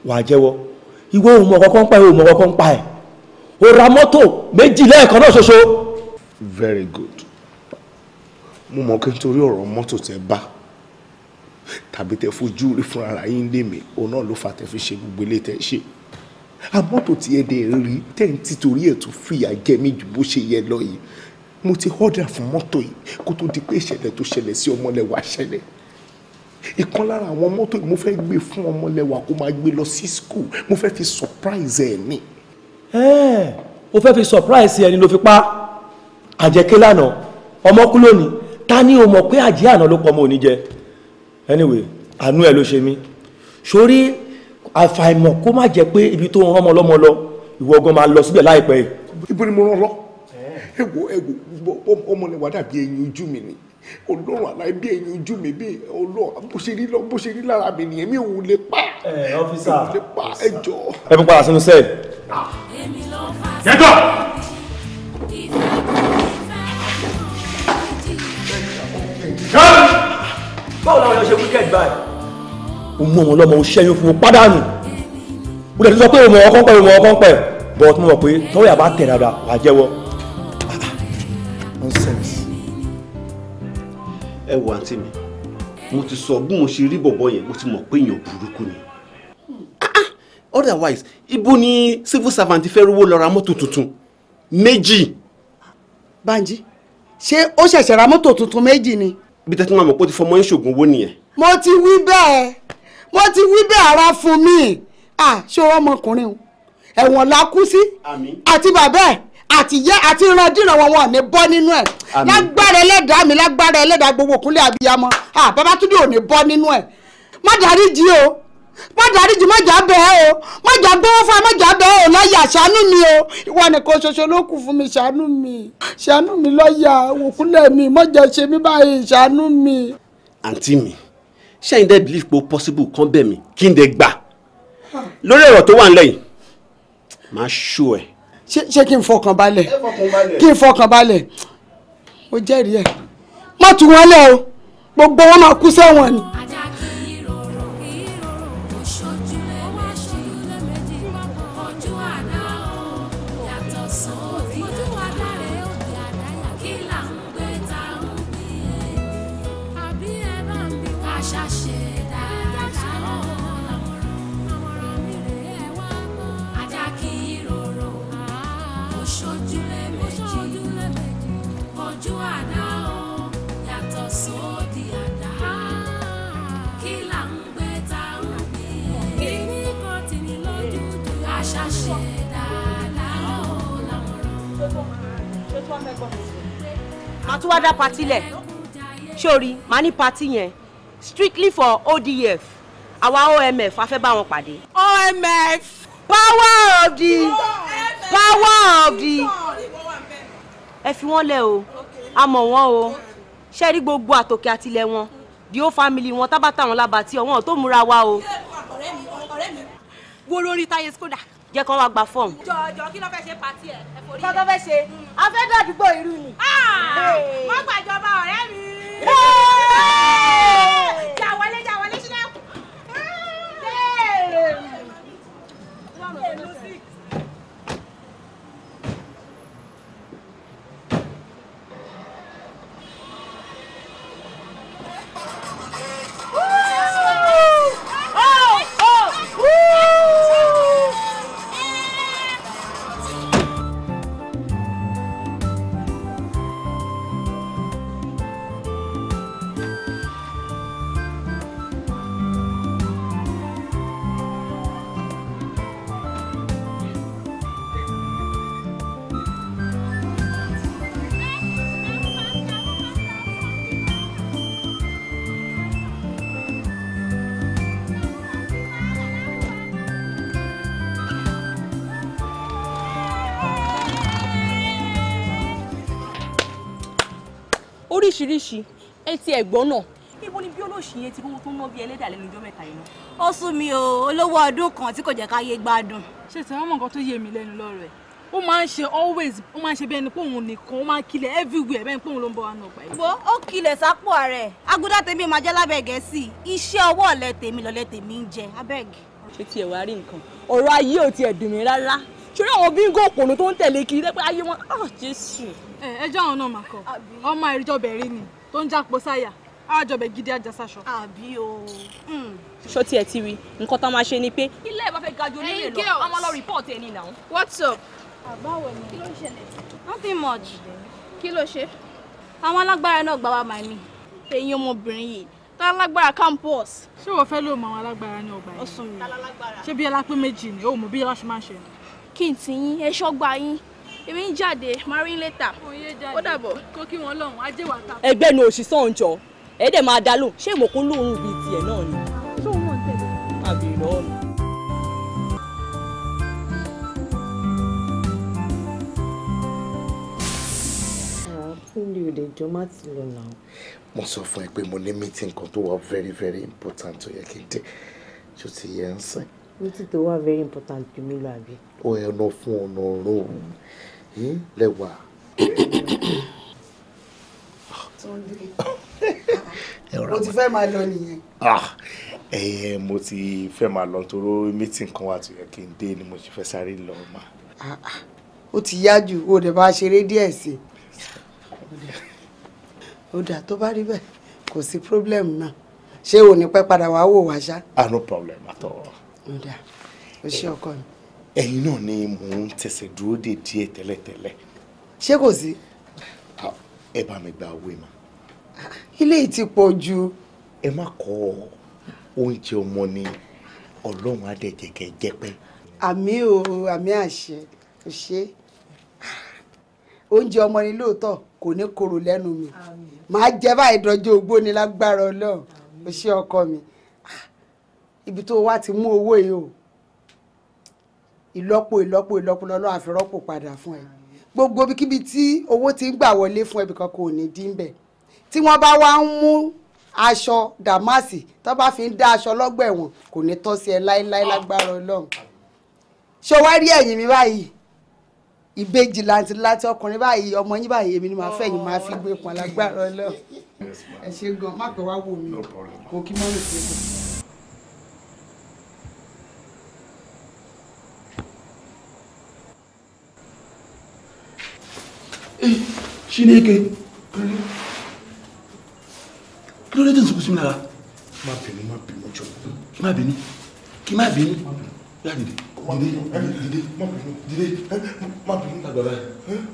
wàá jẹ́wọ́ ìwọ ò mọ ọkàn pa ẹ̀ ò mọ ọkàn pa ẹ̀ o ra mọ́tò méjì lẹ́ẹ̀kan náà ṣoṣo. very good mo mọ̀ kí n torí ọ̀rọ̀ mọ́tò tẹ bá tàbí tẹ fojú rí fúnra yín lé òun náà ló fà tẹ fi ṣe gbogbo ilé tẹ ṣe àmọ́tò tí ẹ dẹ̀ rí tẹ́ǹtì torí ẹ̀ tún fìyà jẹ mí ju bó ṣe yẹ lọ yìí mo ti họ́dà fún mọ́tò yìí kó tó di pé ìṣẹ̀lẹ̀ tó ṣẹlẹ̀ sí ọmọlẹ́wà ṣẹlẹ̀ ìkan lára àwọn mọ́tò yìí mo fẹ́ gbé fún ọmọlẹ́wà kó máa gbé lọ sí school mo fẹ́ fi surprise ẹ̀ ní. ẹ́ẹ̀ o fẹ́ fi surprise ẹni ló fi pa àjẹkẹ́ lánàá ọmọ kú lónìí ta ni o mọ̀ pé àjẹ́ àná ló pọ̀ mọ́ òní jẹ anyway àánú ẹ̀ ló ṣe mí sórí àfàìmọ̀ kó má jẹ́ pé ibi tó ń rán ọmọ lọ́mọ lọ ìwọ gan máa lọ síbẹ̀ láìpẹ́. ibo ni mo rán lọ ewo ewo ọmọ rẹ wà dàbí ẹyin ojú mi ni Ọlọ́run àlàyé bí ẹyin ojú mi bí Ọlọ́run bó ṣe rí lọ bó ṣe rí lára mi nìyẹn mi ò lè pa ẹ ọfíìsà ò lè pa ẹ fi padà sínú sẹ́ẹ̀. báwo làwọn ọ̀yọ́ ṣe wíkẹ́ẹ̀dì báyìí o mú òun ṣẹ́yún fún o pádànù o sọ pé o mọ̀ pẹ̀ o mọ̀ pẹ̀ bọ̀ tó mọ̀ pé tọ́wọ́ yà tẹ̀ dáadáa wà jẹ́wọ́ nonsense. ẹ wo àǹtí mi mo ti sọ bí mo ṣe rí bọ̀bọ̀ yẹn mo ti mọ̀ pé èèyàn burúkú ni otherwise ibo ni civil servant fẹ́ rówó lọ ra mọ́tò tuntun méjì. Banji ṣé ó ṣẹ̀ṣẹ̀ ra mọ́tò tuntun méjì ni. bí tẹ́tí máa mọ̀ pé ó ti fọmọ ìṣògùn owó nìyẹn. mo ti wí bẹ́ẹ̀ wọ́n ti wí bẹ́ẹ̀ ara fún mi ṣé ọmọkùnrin o ẹ̀wọ̀n la kú sí àti bàbá ẹ̀ àtìyẹ àti ìrandíran wọn wọn ní bọ́ nínú ẹ̀ lágbára ẹlẹ́dàá mi lágbára ẹlẹ́dàá gbogbo òkúnlẹ̀ abiyamọ Babátúndé ò ní bọ́ nínú ẹ̀ má dáríjì o má dáríjì má jà bẹ́ẹ̀ o má jà gbówó fún ẹ má jà bẹ́ẹ̀ o lọ́ọ̀yà ṣàánú mi o ìwọ nìkan ṣoṣo ló kù fún mi ṣàánú mi ṣàánú mi lọ́ọ̀yà òkúnlẹ̀ mi má jẹ́ ṣe mí báyìí ṣàánú mi. àǹtí mi ṣẹ́yìn dẹ́ believe pé ó possible kán bẹ̀ mí kí n dẹ̀ gbà lórí ọ̀rọ̀ tó wà ń lẹ́yìn máa ṣó ẹ̀. ṣé kí n fọkàn balẹ̀ kí n fọkàn balẹ̀ mo jẹ́rìí ẹ̀ má tún wọn lẹ́ o gbogbo wọn máa kú sẹ́wọ̀n ni. ojú àdá o yàtọ̀ sódì àdá kí là ń gbé ta ń gbé kí ní kan tì ní lójú ju àṣàṣe dáadáa o làwòrán. màá tún wá dá patí lẹ̀ sórí màá ní patí yẹn strictly for ODF àwa OMF a fẹ́ bá wọn pàdé. OMF. power of the power of the ẹ fi wọ́n lẹ̀ o a mọ̀ wọ́n o ṣe rí gbogbo àtòkè àtìlẹ̀ wọn The whole family wọn tábàtà wọn lábàtì ọ̀wọ́n tó múra wa o. ọ̀rẹ́ mi ọ̀rẹ́ mi wo lórí táyé skoda jẹ́ kán wá gba fọ́ọ̀mù. jọjọ kí ló fẹ́ ṣe pàtí ẹ ẹ̀fọ́rí rẹ. kọ́kọ́ fẹ́ ṣe a fẹ́ dàdúgbò irú ni. Ah! má gbàjọba ọ̀rẹ́ mi. jà wọlé jà wọlé sílẹ̀ kù. lóríṣiríṣi ẹ ti ẹ̀gbọ́n náà ibo ni bí olóòṣì yẹn ti rówó tó ń ná bí ẹlẹ́dà lẹ́nu ọjọ́ mẹ́ta yìí náà. ó sún mi o olówó ọdún kan tí kò jẹ́ ká yé gbádùn. ṣé ìtàn ọmọ nǹkan tó yé mi lẹ́nu lọ́rọ̀ ẹ̀ ó máa ń ṣe always ó máa ń ṣe bí ẹni pé òun nìkan ó máa ń kilẹ̀ everywhere bẹ́ẹ̀ ni pé òun ló ń bọ̀ wá náà pàì. wo ó kilẹ̀ sápò rẹ̀ agudá tèmi máa jẹ́ lábẹ́ gẹ̀ẹ́sì iṣẹ́ ọwọ́ ọ̀lẹ tèmi lọ́lẹ tèmi ń jẹ abeg. ṣé tiẹ̀ wá rí nǹkan ọ̀rọ̀ ayé ò tiẹ̀ dùn mí rárá ṣórí àwọn bíngò òpònú tó ń tẹ̀lé kiri lẹ́pẹ́ ayé wọn ah jésù. ẹ ẹjọ́ àwọn náà mà kọ ọmọ àìríjọbẹ̀ rí ni tó ń jápọ̀ sáyà àjọbẹ̀ gidi àjàsàṣọ. àbí o. Hmm. ṣó tiẹ̀ ti rí nǹkan tó máa ṣe ni pé. ilé ẹ̀ bá fẹ́ gajo nílé lọ a máa lọ rìpọ́ọ̀tì ẹni náà. what's up. àbáwọ̀ ni kí ló ń ṣẹlẹ̀. nothing much. kí ló ṣe. àwọn alágbára náà gbà wá máa ní ẹ̀yin ọmọbìnrin yìí tálágbára campus. ṣé wọ́n fẹ́ lóò mọ àwọn alágbára ní ọgbà yẹn. ṣé bí alápẹ́ méjì ni ó mọ bí aláṣọ máa ń ṣe kí n tì yín ẹ ṣọ́gbà yín èmi ń jáde máa rí ó dàbọ̀. kó kí wọn lọ́hùn ajé wà ta. ẹgbẹ́ nu òṣìṣẹ́ ọ̀njọ́ ẹ̀ẹ́dẹ̀ máa dá lóhùn ṣé ìmọ̀kó lóhùn bíi tiẹ̀ náà ni. Ah, mo sọ fún ẹ pé mo ní meeting kan tó wà very very important tó yẹ kí n dé ṣó ti yẹ ń sìn méjì tó wà very important jù mí lọ àbí. ó ẹnu fún ọ̀nà ọ̀rọ̀ lẹ́wà. mo ti fẹ́ máa lọ nìyẹn. ẹyẹ ah, mo ti fẹ́ máa lọ nítorí mítìn kan wà tó yẹ kí n dé ni mo ti fẹ́ sáré lọ mà. Ah, ah, ó ti yá jù o dẹ̀ bá a ṣeré díẹ̀ sí i. ó dà tó bá rí bẹ́ẹ̀ kò sí problem náà ṣé o ní pẹ́ padà wàá wò wá ṣá. ah no problem at all ǹdà o ṣe ọkọ mi. ẹ̀yin náà ni mò ń tẹsẹ̀ dúró dè díẹ̀ tẹ́lẹ̀tẹ́lẹ̀. ṣé kò sí. ẹ bá mi gba owó ìmọ̀. ilé yìí ti pọ̀ ju. ẹ má kọ oúnjẹ ọmọ ni ọlọ́run á dẹ̀ jẹ́ jẹ́pẹ́. àmì o àmì àṣẹ o ṣe oúnjẹ ọmọ ni lóòótọ́ kò ní korò lẹ́nu mi màá jẹ báyìí dọjọ́ ogbó ni lágbára ọlọ́run o ṣe ọkọ mi. Amen ibi tó wá ti mú owó yìí o ìlọ́po ìlọ́po ìlọ́po lọ́lọ́ àfirọ́pò padà fún ẹ gbogbo ibikíbi tí owó ti ń gbà wọlé fún ẹbì kan kò ní dín bẹ̀ tí wọ́n bá wá ń mú aṣọ dàmásì tó bá fi ń dá aṣọ lọ́gbà ẹ̀wọ̀n kò ní tọ́ sí ẹ láéláé lágbára ọlọ́run ṣé wá rí ẹ̀yìn mi báyìí ìbejì láti láti ọkùnrin báyìí ọmọ yín báyìí èmi ni màá fẹ̀yìn màá fi gbé pọn lágbára ọlọ́run ẹ ṣe gan má pẹ́ wá wò mí kò kí mọ́rùn-ún ee chineke kí ló dé tó ń sọkún sí mi lára. má bínú má bínú jọ. kí má bínú kí má bínú yá dìde dìde dìde dìde má bínú. lágbà báyìí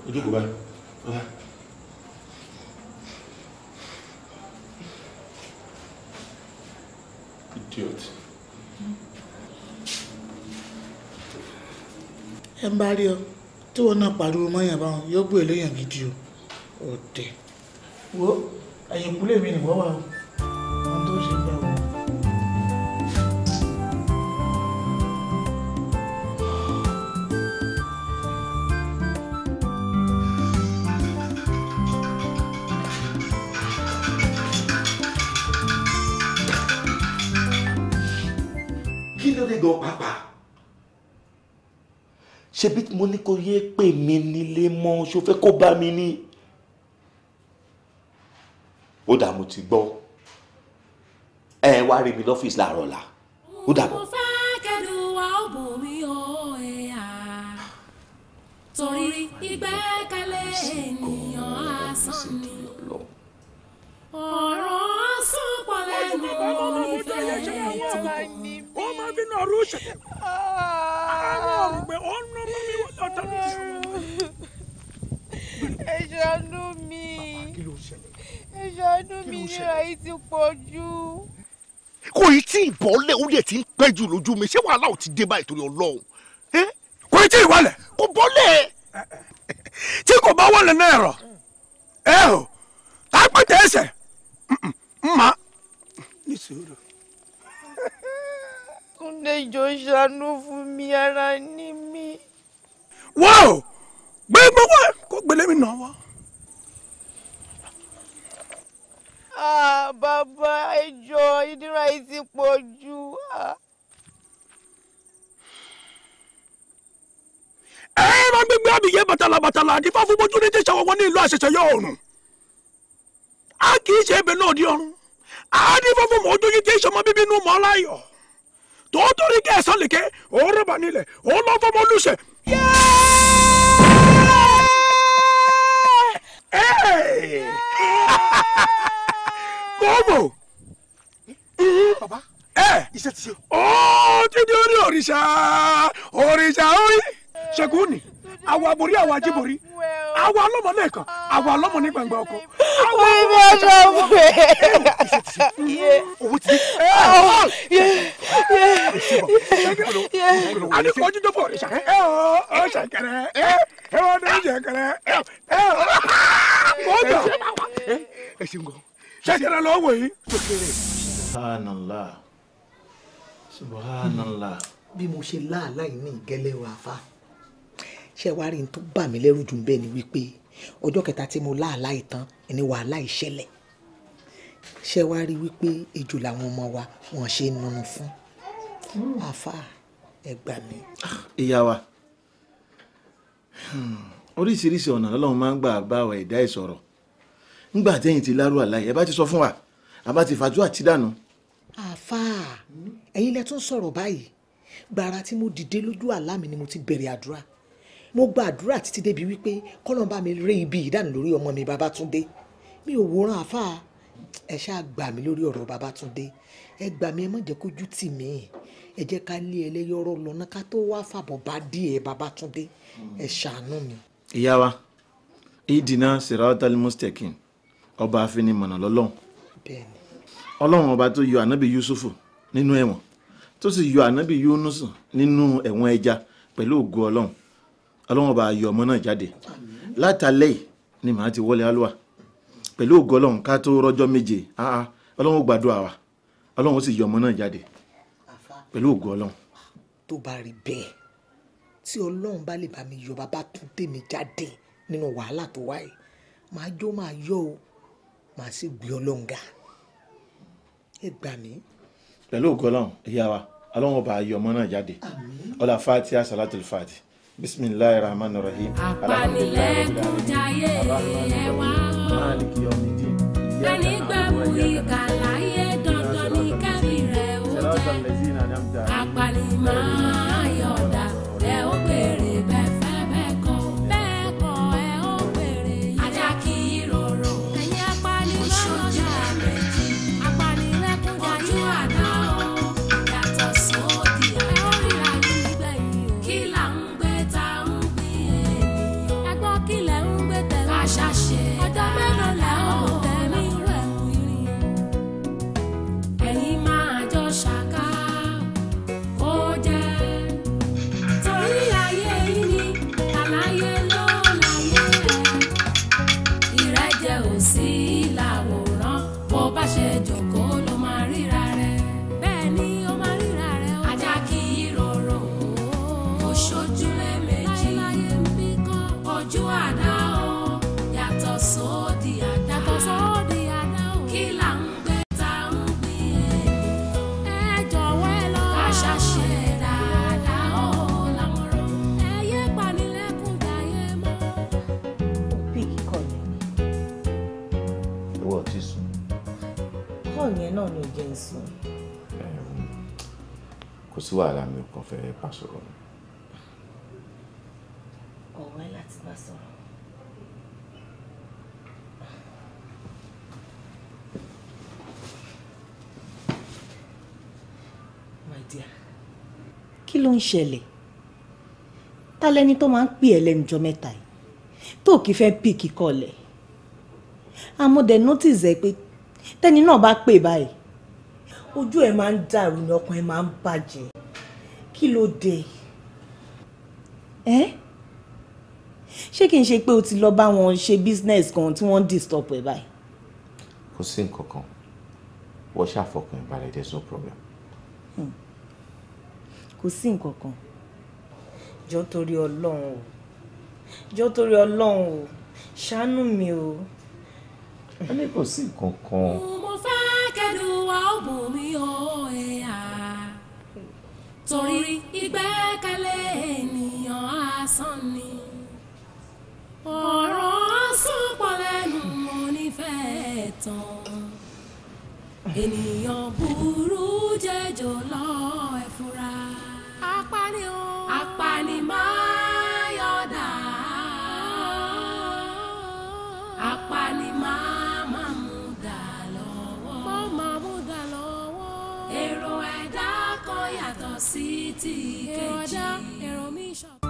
ojú kò báyìí bàbá. idiot. ẹ ń bá rí ọ tí wọn náà pariwo mọ́yàn báwọn yóò gbé eléyàn gidi o ọ̀tẹ̀ wo ẹ̀yìnkùlé mi nìwọ́ wà o ohun tó ṣe gbà o. ṣebí mo ní kò yé pè mí nílé mọ́ ṣó fẹ́ kó bá mi ní. ó dà mo ti gbọ́ ẹ wá rí mi lọ́fíìsì láàárọ̀ la ó dàbọ̀. mo fẹ́ kẹ́dùn wa ó bò mí ẹ̀yà torí ìgbẹ́kẹ̀lé ènìyàn asán ni ọ̀rọ̀ sọ́pọ̀ lẹ́nu onífẹ̀ẹ́ tó. Mavi na rusha. Ama rugbe ono mami wa tata ni ṣe. Ẹ ṣàánú mi. Bàbá kí ló ṣẹlẹ̀? Ẹ ṣàánú mi nira yìí ti pọ̀ jù. Kò yìí tí ìbọ̀lẹ̀ orí ẹ̀ ti ń pẹ́ jù lójú mi, ṣé wàhálà ò ti dé báyìí torí Ọlọ́run? Kò yìí tí ìwọlẹ̀. Kò bọ́lẹ̀. Tí kò bá wọlé náà rọ̀, ẹ o, tá a pẹ̀tẹ̀ ẹsẹ̀, mma, ní sùúrù. Túndé jọ ṣàánú fún mi ara ní mi. wá o gbé gbogbo ẹ kó gbélé mi nà wá. bàbá ẹjọ́ ìdíra yìí ti pọ̀ jù. ẹ̀rọ gbígbé àbíyé bàtàlà bàtàlà àdìfá fún bójú ní tẹ̀sán wọn ní ìlú àṣẹṣẹ yọ ọ̀run a kì í ṣe ebè náà di ọ̀run àdìfá fún mọ́jú yìí tẹ̀sán mọ́ bíbí inú mọ́ láyọ̀ tòótórí kẹ́ ẹ̀ sálẹ̀kẹ́ òun rọ̀bà nílẹ̀ òun lọ́ fọmọ olùṣẹ̀. kóòbò. baba ẹ eh! iṣẹ́ ti oh, di orí òrìṣà òrìṣà orí ṣẹ́gun ni àwa àbòrí àwa àjíbòrí àwa ọlọ́mọ lẹ́ẹ̀kan àwa ọlọ́mọ ní gbangba ọkọ. àwọn ibi ọjọ́ pé. owó ti dé. a ní kọjú tó fọ ìṣàkẹ́ ẹ ọ ọ ṣàkẹrẹ ẹ ẹ wọn ní ìṣàkẹrẹ ẹ ẹ ọ ọ jọ ẹ ṣe ń gọ ṣàkẹrẹ lọ wọ yìí. subhanallah subhanallah. bí mo ṣe láàlá yìí ní ìgẹ́lẹ́ fa ṣé wàá rí n tó bà mí lẹ́rù jù bẹ́ẹ̀ ni wípé ọjọ́ kẹta tí mo láàlá ìtàn ni wàhálà ìṣẹ̀lẹ̀ ṣé wàá rí wípé ejò làwọn ọmọ wa wọn ṣe ń nunu fún àfa ẹ gbà ah, ìyá wa hmm, oríṣiríṣi ọ̀nà lọ́lọ́run máa ń gbà bá àwọn ẹ̀dá ẹ̀ sọ̀rọ̀ ńgbà tẹ́yìn ti lárú àlàyé ẹ bá ti sọ fún wa a bá ti fàájú àti dànù. àfa ẹ̀yin lẹ tún sọ̀rọ̀ báyìí gbàrà tí mo dìde lójú àlá mi ni mo ti bẹ̀rẹ̀ àdúrà mo gbàdúrà títí débi wípé kọ́lọ́n bá mi ré ibi ìdánù lórí ọmọ mi Babátúndé mi ò wòran àfa ẹ ṣáà gbà mí lórí ọ̀rọ̀ Babátúndé ẹ gbà mí ẹ má jẹ́ kójú tì mí ẹ jẹ́ ká lé ẹlẹ́yọ̀rọ̀ lọ́nà ká tó wá fàbọ̀ bá díẹ̀ Babátúndé ẹ ṣàánú mi. ìyá wa ìdìnnà siratal mustakin ọba afinimọ̀nà lọ́lọ́run ọlọ́run ọba tó yọ ànábì Yusufu nínú ẹ̀wọ̀n tó sì yọ ànábì Yunusu nínú ẹ̀wọ̀n ẹja pẹ̀lú ògo ọlọ́run ọlọ́run bá yọ ọmọ náà jáde látàlẹ́ ni màá ti wọlé alúwa pẹ̀lú ògo ọlọ́run ká tó rọ́jọ́ méje ọlọ́run gbàdúrà wa ọlọ́run sì yọ ọmọ náà jáde pẹ̀lú ògo ọlọ́run. tó bá rí bẹ́ẹ̀ tí ọlọ́run bá lè bá mi yọ bàbá tún tèmi jáde nínú wàhálà tó wáyé màá jó màá yọ o màá sì gbé ọlọ́run ga ẹ gbà mí. pẹ̀lú ògo ọlọ́run ìyá wa ọlọ́run bá yọ ọmọ náà jáde ọlá fati asalatul fati bisimilahi rahman rahim alhamdulilayi ẹwà ọ anigbabu ìkàlàyé dandan ní kẹbi rẹ ó jẹ apanimọ. kò sí wàhálà mi ò kàn fẹ́ bá sọ̀rọ̀ ni. ọ̀wẹ́ láti bá sọ̀rọ̀. my dear. kí ló ń ṣẹlẹ̀ ta lẹni tó máa ń pè ẹ́ lẹ́nujọ́ mẹ́ta yìí tó kì í fẹ́ pì kíkọ́ lẹ̀ àmọ́ dẹ̀ notice ẹ pé tẹ́ni náà bá pè báyìí ojú ẹ máa ń dàrú ni ọkàn ẹ máa ń bàjẹ́ kí ló dé. ẹ ṣé kí n ṣe pé o ti lọ bá wọn ṣe business kan tí wọ́n ń disturb ẹ báyìí. kò sí nǹkan kan wọ́n ṣàfọkàn ìbàlẹ̀ there's no problem. Hmm. kò sí nǹkan kan jọ torí ọlọ́run o jọ torí ọlọ́run o ṣàánú mi o. a ní kò sí nǹkan kan ẹ̀kẹ́dù wa ó bò mí o ẹ̀yà torí ìgbẹ́kẹ̀lé ènìyàn asán ni ọ̀rọ̀ asán pọ̀ lẹ́nu onífẹ̀ẹ́ tán ènìyàn burú jẹjọ lọ ẹ apani o apani máa. ti ìkejì. èrò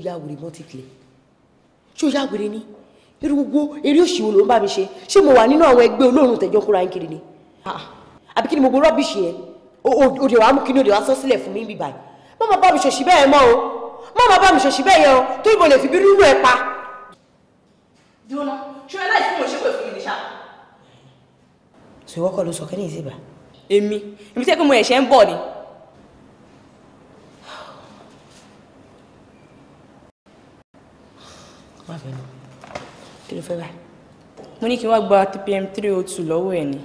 ya wèrè mọ́ ti tilẹ̀ ṣé o ya wèrè ni irú gbogbo eré òṣìwò ló ń bá mi ṣe ṣé mo wà nínú àwọn ẹgbẹ́ olóòrùn tẹ̀jọ́ kóra ń kiri ni ah, àbí kí ni mo gbọ́ rọ́bìṣì yẹn òde wàá mú kí ni òde wàá sọ sílẹ̀ fún mi bíbáyìí má má bá mi ṣòṣì bẹ́ẹ̀ mọ́ o má má bá mi ṣòṣì bẹ́ẹ̀ yẹn o tó ìbò lè fi bí rúrú ẹ pa. jọ́nà ṣé aláìsí mo ṣépè fún mi ní sá. sọ ìwọ́kọ̀ ló sọ kẹ́ni ìsèbà. èmi èmi tẹ́kùn mo ẹ̀ṣẹ̀ ń bọ̀ má bínú. kí ló fẹ́ báyìí. mo ní kí wọ́n gba tpm three o oh two lọ́wọ́ ẹ̀ ni.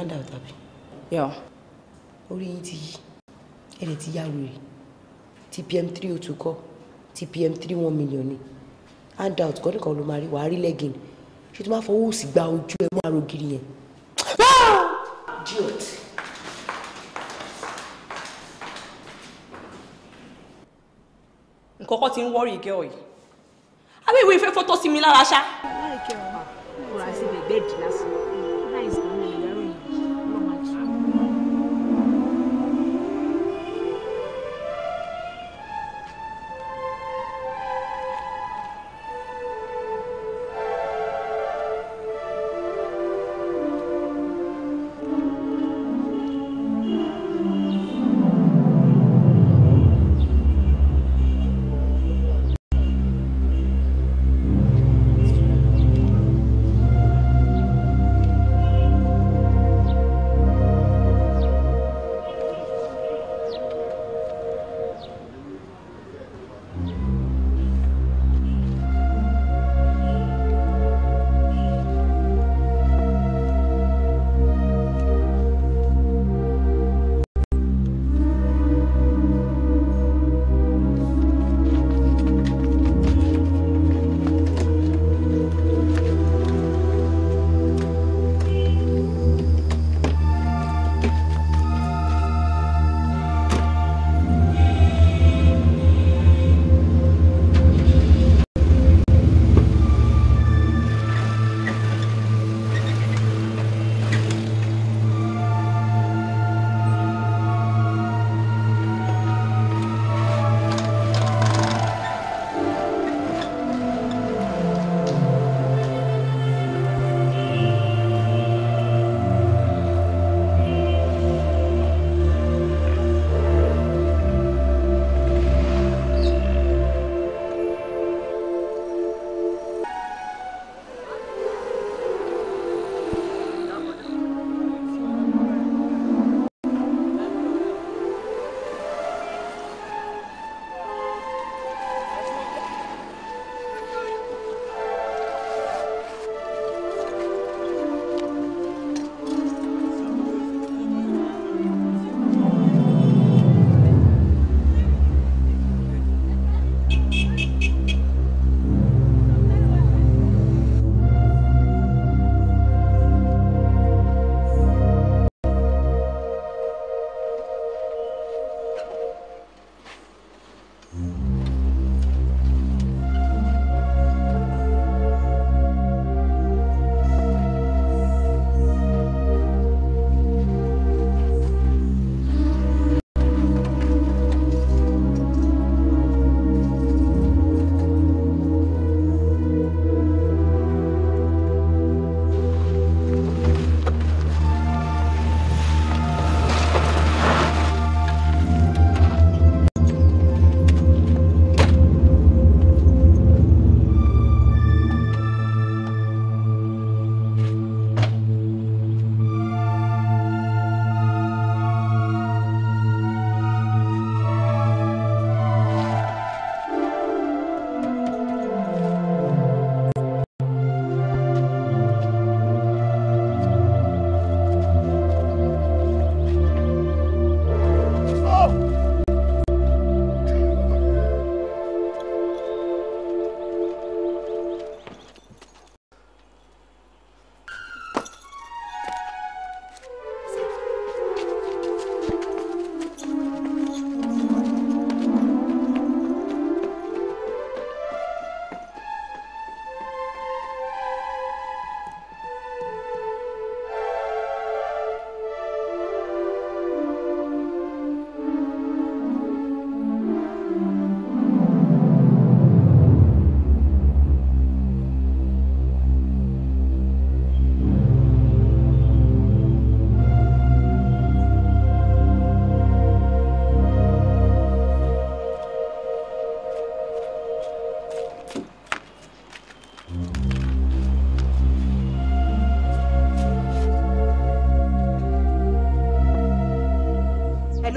anda ò tàbí. yọ. orí yín ti yí ẹ̀rẹ̀ ti yá wèrè tpm three o oh two kọ́ tpm three one million ni handout kọ́ nìkan ló máa rí wàá rí lẹ́gìn ṣé tó máa fọwọ́ òsì gba ojú ẹ máa rògiri yẹn. nǹkan kan ti ń wọ́rì gẹ́ọ̀ yìí abẹ́ ìwé ìfẹ́ fọ́tọ́ sí mi lára ṣá. láìkẹ́ ọ̀hún kò rà sí bẹ̀gbẹ́ ìdí lásán.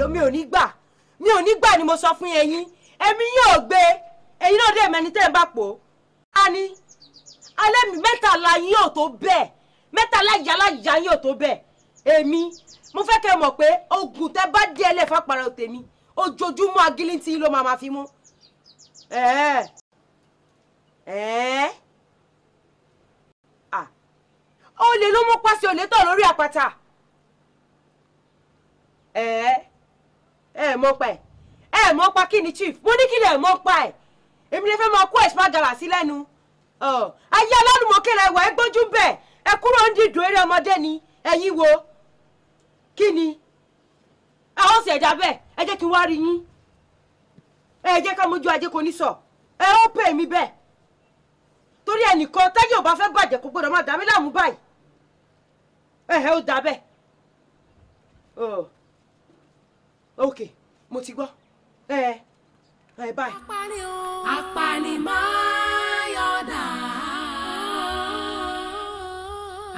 mi ò ní gbà mi ò ní gbà ni mo sọ fún ẹ̀yin èmi yóò gbé ẹ̀yin náà dé mẹni tẹ́ ẹ bá pò ó. a ní alẹ́ mi mẹ́tàlá yín ò tó bẹ́ẹ̀ mẹ́tàlá ìyálàjà yín ò tó bẹ́ẹ̀ èmi mo fẹ́ kẹ́ mọ̀ pé oògùn tẹ́ bá dé ẹlẹ́ fapára tèmi ojoojúmọ́ agilintí ló máa ma fi mú. ẹ̀ẹ́ ẹ̀ẹ́ olè ló mú pàṣẹ olè tọ̀ lórí àpáta. ẹ̀ẹ́ ẹ mọ pa ẹ ẹ pa kí ni chief mo ní kí ni ẹ mọ pa ẹ èmi lè fẹ́ máa kó ẹ̀sùn àgàrà sí lẹ́nu ayé alálùmọ̀kẹ́rẹ́ ẹ̀wà ẹ gbójú bẹ̀ ẹ kúrò ń dìdò eré ọmọdé ni ẹ̀yin wo kí ni àwọn ọ̀sẹ̀ ẹ̀dá bẹ́ẹ̀ ẹ jẹ́ kí n wá rí yín ẹ jẹ́ ká mójú ajé kò ní sọ ẹ ó pè mí bẹ́ẹ̀ torí ẹnìkan táyé ò bá fẹ́ bàjẹ́ kó gbọ́dọ̀ láàmú báyìí ẹ̀hẹ́ ó ok mo ti gbọ́ ẹ ẹ báyìí. apani o apani máa yọ̀dà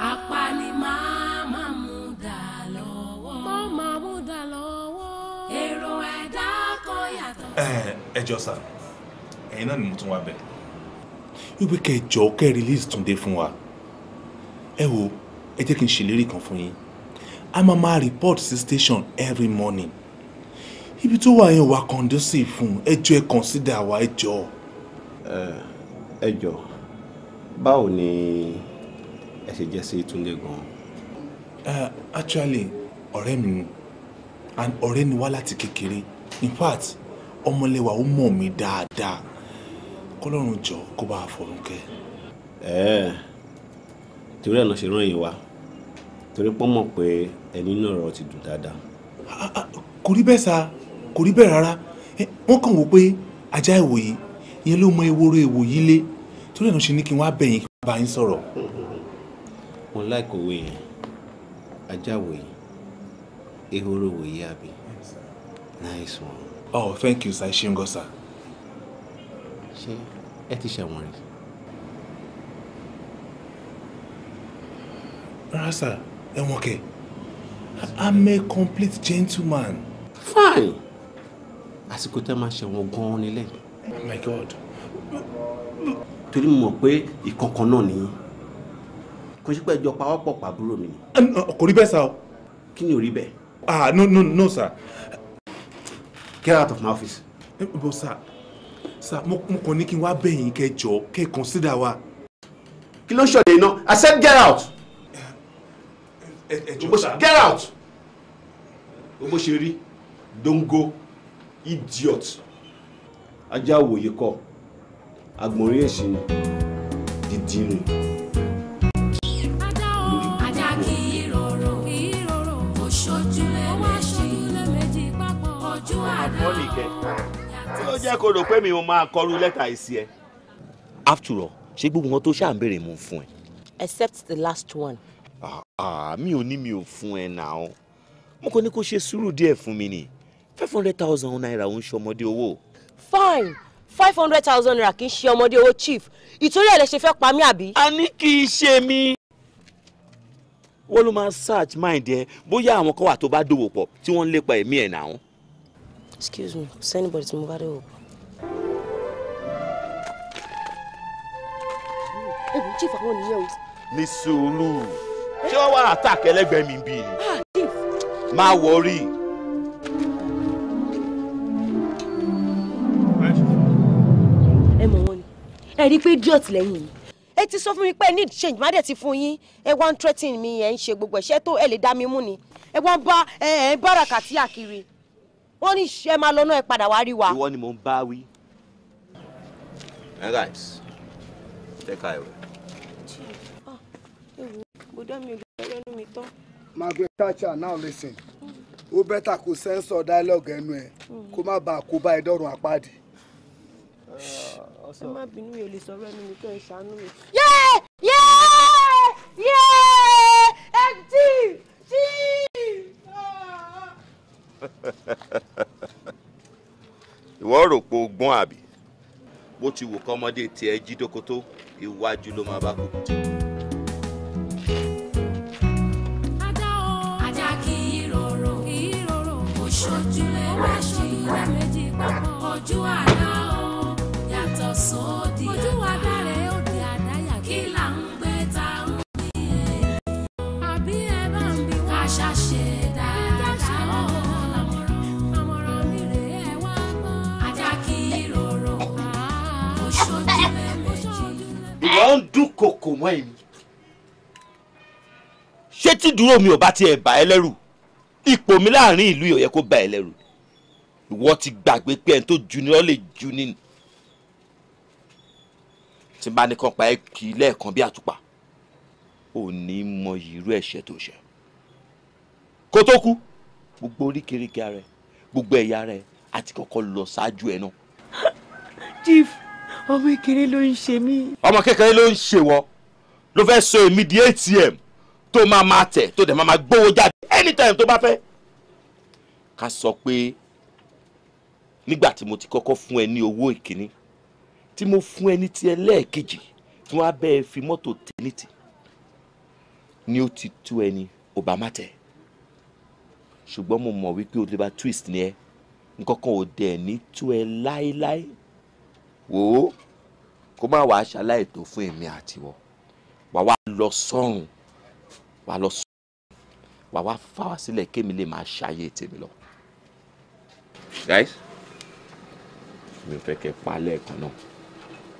apani máa má mú dà lọ́wọ́. má má mú dà lọ́wọ́. èrò ẹ̀dá kan yàtọ̀. ẹ jọ sá ẹ̀yin náà ni mo tún wá bẹ̀. wípé kẹjọ kẹ release Túndé fún wa ẹ wo ẹ jẹ́ kí n ṣèlérí kan fún yín a máa máa report sí station every morning ibi tó wà yẹn wà conducive fún ẹjọ́ ẹ consider wa ẹjọ́. ẹjọ́ báwo ni ẹ ṣe jẹ́ sí Túndé gan actually ọ̀rẹ́ mi ni and ọ̀rẹ́ ni wá láti kékeré in fact ọmọlẹ́wà ó mọ̀ mí dáadáa kọ́lọ́run jọ kó bá a fọ̀rùnkẹ́. ẹ̀ẹ́ torí ẹ̀ náà ṣe rán yín wá torí pọ́n mọ̀ pé ẹni náà ọ̀rọ̀ ti dùn dáadáa. kò rí bẹ́ẹ̀ sá kò rí bẹ́ẹ̀ rárá wọ́n kàn wò pé ajá èwò yìí ìyẹn ló mọ ewúro èwò yìí lé torí ẹ̀ ṣe ní kí wọ́n á bẹ̀yìn kí wọ́n bá yín sọ̀rọ̀. mo láìkò wé yẹn ajá wò yìí ehoro wò yìí àbí nice one. oh thank you sir ṣeun gan sir. ṣé ẹ ti ṣẹ̀wọ̀n rí. rárá sir ẹ̀wọ̀n kẹ̀ i'm a complete gentleman. fine àsìkò tẹ́ máa ṣẹ̀wọ̀n gan-an nílẹ̀. Oh my god. torí mo mọ̀ pé ìkankan náà nìyí kò sí pé ẹjọ́ pawọ́pọ̀ pàbúrò mi. kò rí bẹ́ẹ̀ sá o. kí ni ò rí bẹ́ẹ̀. ah no no no sir. get out of my office. bó sá sá mo kàn ní kí n wá bẹ̀yìn kẹjọ kẹ́ consider wa. kí ló ń ṣọ̀dẹ̀ iná i said get out. ẹjọ sá get out. o bó ṣe rí dongo idiot ajá òwòye kọ agbọ̀nrí èsì ni dìdì ni. ajá kì í rorò oṣooju lẹ́yìn méjì papọ̀ ojú àná. tí ó jẹ́ kó rò pé mi ò máa kọrú lẹ́tà ìsì ẹ. after all ṣé gbogbo wọn tó ṣáà ń béèrè mú fún ẹ. except the last one. Ah, ah, mi ò ní mi ò fún ẹ náà mo kàn ní kó ṣe sùúrù díẹ̀ fún mi ni five hundred thousand naira ń ṣe ọmọdé owó. fine five hundred thousand naira kì í ṣe ọmọdé owó chief ìtorí ẹ̀ lè ṣe fẹ́ pa mí àbí. a ní kì í ṣe mí. wọ́n ló máa search mind ẹ bóyá àwọn kan wà tó bá dòwò pọ̀ tí wọ́n ń lépa ẹ̀mí ẹ̀ náà. excuse me ṣé anybody tí mo bá dòwò pọ̀. ewu chief àwọn nìyẹn o. ní sùúrù ṣé wọ́n wá àtàkẹ́lẹ́gbẹ̀ẹ́ mi bí ah, máa wọrí. ẹ rí i pé idiot lẹ́yìn yìí ẹ ti sọ fún mi pé ẹ ní change má dẹ̀ ti fún yín ẹ wá ń threatening mi ẹ ń ṣe gbogbo ẹ̀ṣẹ̀ tó ẹ lè dá mi mú ni ẹ wá ń bá ẹ ń bára kàtí àkiri wọ́n ní ṣe máa lọ ẹ padà wá wa. ìwọ ni mò ń bá wí. ẹ guys take care. bùdá ah, mi ò lè lẹ́nu mi tán. Margaret Thatcher now listen ó better kó sẹ́ńsọ̀ dialogue ẹnu ẹ̀ hmm. kó má bàa kó bá ẹ dọ́rùn àpáàdì ẹ má bínú mi ò lè sọ̀rọ̀ ẹnu mi kẹ́ ẹ ṣàánú mi. yé yé yé mt t. ìwọ rò pé o gbọ́n àbí bó ti wù kọ́mọdé tiẹ̀ jí dókótó iwájú ló máa bá kú. ojú àná sódì àdáyà. ojú wa dára ó di àdáyà. kí là ń gbé ta ń bí ẹ. àbí ẹ bá ń bí wá. ká ṣàṣe dáadáa ọ̀hún àmọ̀ràn. àmọ̀ràn mi rèé ẹ wá gbọ́. ajá ah. ṣé tí dúró mi ò bá tiẹ̀ bà ẹ́ lẹ́rù ipò mi láàrin ìlú yìí kó bà ẹ́ lẹ́rù ìwọ ti gbàgbé pé ẹni tó juni ọ lè juni ni tí n bá ní kàn pa ẹ́ kì í lẹ́ẹ̀kan bí àtùpà ò ní mọ irú ẹ̀ṣẹ̀ tó ṣẹ̀ kó tó kú gbogbo oríkèéríkèé rẹ gbogbo ẹ̀yà rẹ àti kọ́kọ́ lọ ṣáájú ẹ̀ náà. chief ọmọ kékeré ló ń ṣe mí. ọmọ kékeré ló ń ṣe wọ ló fẹ́ sọ èmi di atm tó máa máa tẹ̀ tó dẹ̀ máa máa gbowó jáde anytime tó bá fẹ́. ká sọ pé nígbà tí mo ti kọ́kọ́ fún ẹ ní owó ìkíní tí mo fún ẹni tí ẹlẹ́ẹ̀kejì tí wọ́n á bẹ́ẹ̀ fi mọ́tò tẹ́ni tì ni ó ti tú ẹni ò bá má tẹ̀ ṣùgbọ́n mo mọ̀ wípé o lè ba twist ni ẹ nǹkan kan ò dẹ̀ ní tú ẹ láéláé wò ó kó má wàá ṣaláì tó fún èmi àtiwọ́ wàá wá lọ sọ́run wàá lọ sọ́run wàá wá fà wá sílẹ̀ kémi lè máa ṣàyè tèmi lọ. guys mi ò fẹ́ kẹ́ pa lẹ́ẹ̀kan náà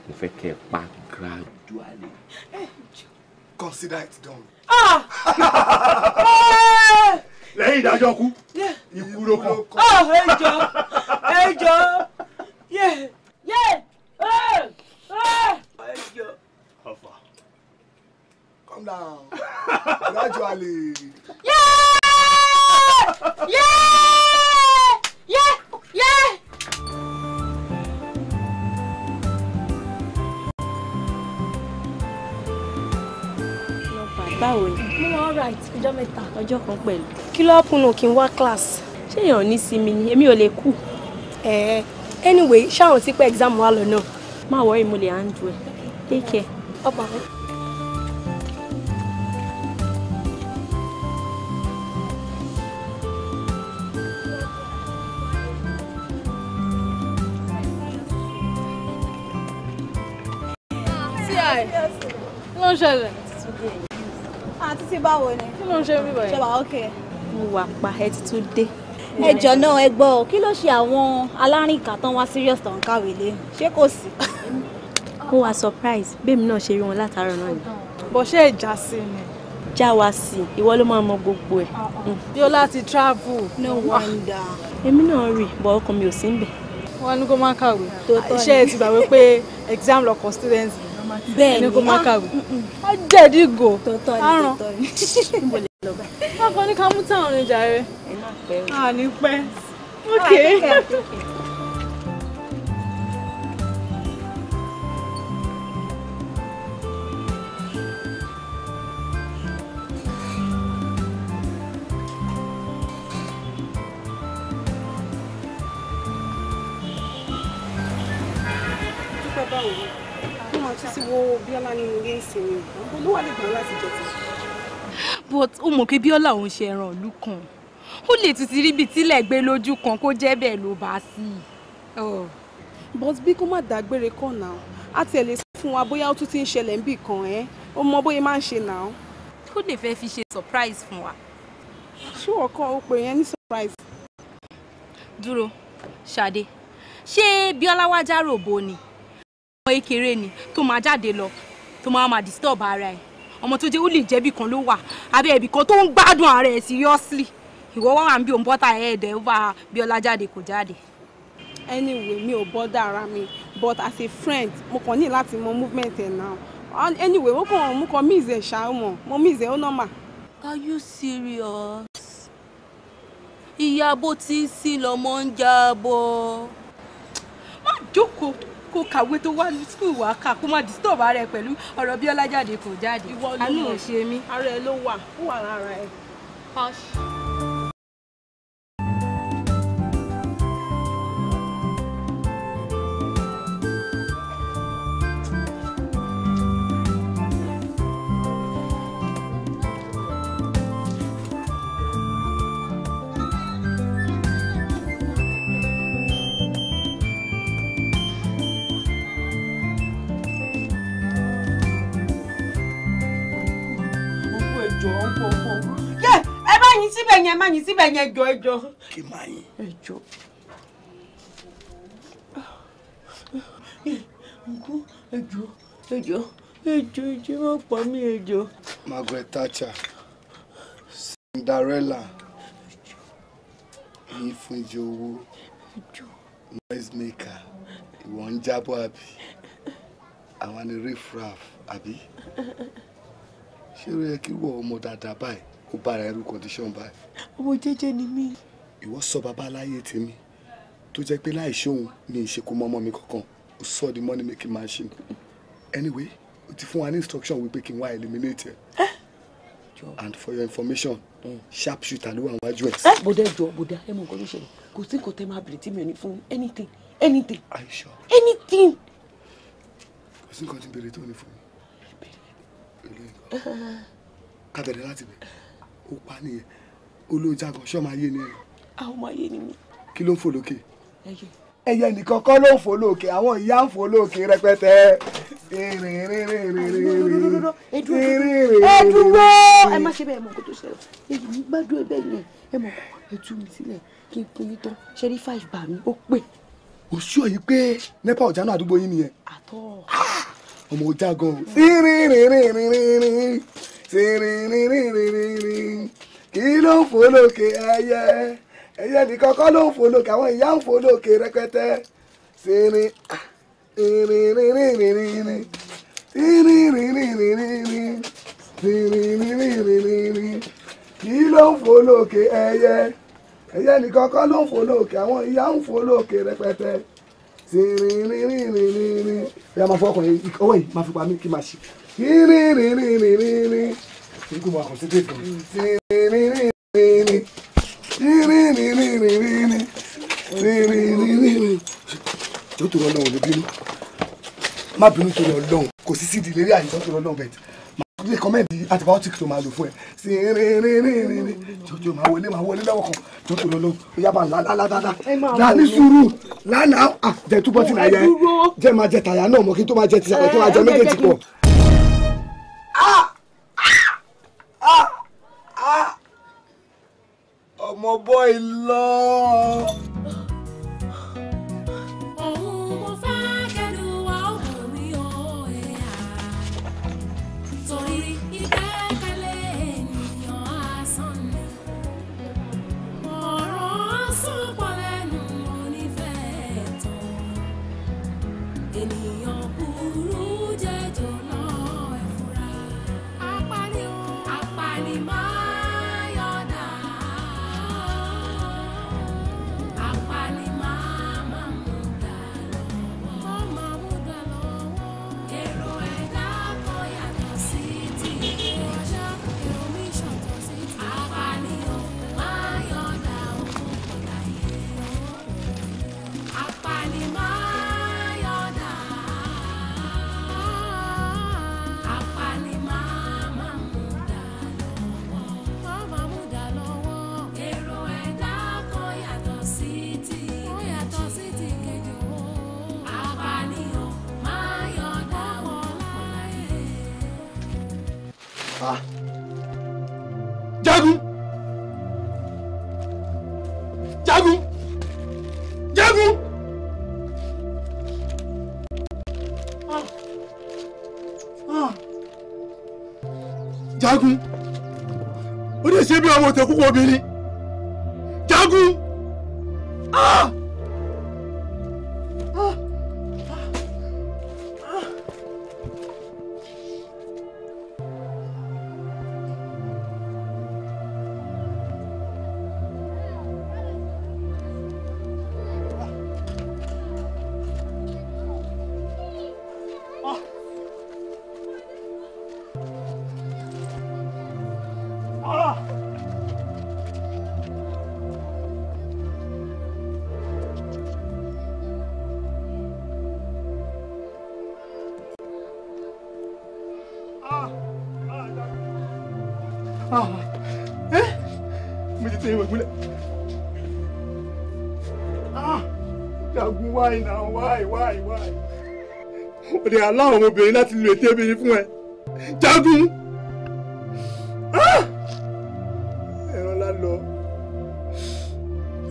mo fẹ́ kẹ́ ẹ pa gradually. consider it done. Ah! lẹ́yìn ìdájọ́ kú ikú ló kọ́. ẹ jọ ẹ jọ yé yé ẹ ẹ jọ. ọfà. calm down gradually. Yeah! Yeah! báwo ni. mo wọ alright ọjọ́ mẹ́ta. ọjọ́ kan pẹ̀lú. kí ló hapun náà kí n wá class. ṣé èèyàn ní sinmi ni èmi ò lè kú. ẹ ẹ anyway ṣáà ti pẹ́ exam wa lọ náà. má worry mo lè handle ẹ take care. ọ̀pọ̀ àwọn. ṣẹlẹ̀ báwo ni. kí ló ń ṣe mí báyìí. ṣe wà ok. mo wà pa ẹ ti dé. ẹ náà ẹ gbọ́ kí ló ṣe àwọn alárìnká tán wá serious tán kàwé lé ṣé kò sí. ó wà surprise bẹ́ẹ̀mi náà ṣe rí wọn látàárọ̀ náà ni. bó ṣe ìjà sí ni. já wa sí ìwọ ló máa mọ gbogbo ẹ. yóò láti travel. no wonder. èmi náà rí bọ̀ ọkàn mi ò sí ń bẹ̀. wọ́n ní kó má kàwé iṣẹ́ ti gbàgbé pé exam lọkọ̀ students ni bẹ́ẹ̀ ni ẹni kò má ah, kàwé á jẹ̀dí gò àrùn ọkọ ní ká mú táwọn ọ̀rìn jà rẹ̀ ok. but ó mọ̀ pé bíọ́lá òun ṣe ẹran ìlú kan ó lè tún ti rí ibi tílẹ̀ gbé lójú kan kó jẹ́ bẹ́ẹ̀ ló bá sí i. Oh. but bí kò má dágbére kàn náà á tiẹ̀ lè sọ wa bóyá ó tún ti ń ṣẹlẹ̀ kan ẹ́ ó mọ bóyá máa ń ṣe náà. ó lè fi ṣe surprise fún wa. ṣé ọkọ o pè yẹn ní surprise. Duro, ṣàdé ṣé biola wá já ròbó ni ọmọ ekere ni tó máa jáde lọ tó máa máa disturb ara ẹ̀ ọmọ tó jẹ́ ó lè jẹ́bì kan ló wà abẹ́ ibì kan tó ń gbádùn ara ẹ̀ seriously ìwọ wà wà ń bí òun bọ́tà ẹ̀ ẹ̀dẹ̀ ó bá Bíọ́lá jáde kò jáde. anyway mi ò bọ́dà ara mi but as a friend mo kàn ní láti mọ movement ẹ̀ náà anyway mo kàn mo kàn miss ẹ̀ ṣá mọ̀ mo miss ẹ̀ ó normal. are you serious? ìyàbò tí ń sí lọ́mọ ń jábọ̀. má jókòó kó kàwé tó wá ní skul wá kà kó má disturb ara ẹ pẹ̀lú ọ̀rọ̀ bí ọlájáde kò jáde àánú ò ṣe mí. ara ẹ ló wà ó wà lára ẹ. síbẹ̀ yẹn má yín síbẹ̀ yẹn jọ ẹjọ. kí máa yín. ẹjọ. nkú ẹjọ ẹjọ ẹjọ ẹjọ wọn pa mí ẹjọ. Margaret Thatcher Cinderella yín fún ìjọ owó noise maker ìwọ ń jábọ̀ àbí àwọn ni riff raff àbí ṣé ó yẹ kí wọ́n ọmọ dáadáa báyìí ó bára ẹrú condition báyìí. ọmọ jẹ́jẹ́ ni mí. ìwọ sọ bàbá aláyé tèmi tó jẹ́ pé láì ṣóhun mi ì ṣe kó mọ́ ọmọ mi kankan ó sọ di money making machine anyway ó ti fún wa ní instruction wípé kí n wá eliminate ẹ and for your information sharp shooter ló wà wájú ẹ. bòdà jọ bòdà ẹ mọ nǹkan tó ṣẹlẹ̀ kò sí nǹkan tẹ máa bèrè tí mi ò ní fún anything anything are you sure? anything. kò sí nǹkan tí bèrè tó ní fún mi. ká bẹ̀rẹ̀ láti bẹ̀rẹ̀ ó pa nìyẹn olóòjàgàn ṣọ́ máa ni àwọn máa ni mi. kí ló ń fò lókè. ẹyẹ nìkan kọ́ ló ń fò lókè àwọn ìyá ń fò lókè rẹpẹtẹ. ẹ ẹ má ṣe bẹ́ẹ̀ mọ kó tó ṣẹlẹ̀ èyí ní gbádùn ẹ bẹ́ẹ̀ yẹn ẹ mọ ẹ mi sílẹ̀ kí n kun yín tán ṣe five bá mi ó pè. òṣù ọ̀yí pé nepa ọ̀já náà àdúgbò yín nìyẹn. àtọ̀ ah! ọmọ ọjà gan-an tìrìrìrìrìrìn kí ló ń fò lókè ẹyẹ ẹyẹ nìkan kọ́ ló ń fò lókè àwọn ìyá ń fò lókè rẹpẹtẹ tìrìn rìrìrìrìrìrìn tìrìrìrìrìrìn tìrìrìrìrìrìn kí ló ń fò lókè ẹyẹ ẹyẹ nìkan kọ́ ló ń fò lókè àwọn ìyá ń fò lókè rẹpẹtẹ tìrìrìrìrìrìn bí a máa fọ ọkùnrin ọwọ́ yìí máa fi pa mí kí n máa ṣe tó tó lọ́wọ́ ló bínú má bínú tó lọ lọ́wọ́ kò sí sídìí lérí àyíká tó lọ lọ́wọ́ bẹ̀tì máa lè kọ́mẹ́ǹtì antibiotic tó máa lò fún ẹ sí rírírírírírírì tó tó máa wọlé máa wọlé lọ́wọ́ kan tó tó lọ lọ́wọ́ ó yábà lálálálá láàní sùúrù lálàá àjẹtúbọ̀tì náà yẹ jẹ́ máa jẹ tàyà náà mọ́ kí tó máa jẹ tìyàwó tó máa jẹ méjèèjì pọ̀. my boy love. jagun ó dẹ̀ ṣe bí ọmọ tẹ̀kú obìnrin. dẹ̀ aláwọ̀ ọmọbìnrin láti lu ètè obìnrin fún ẹ jagun ah! ẹran la lọ.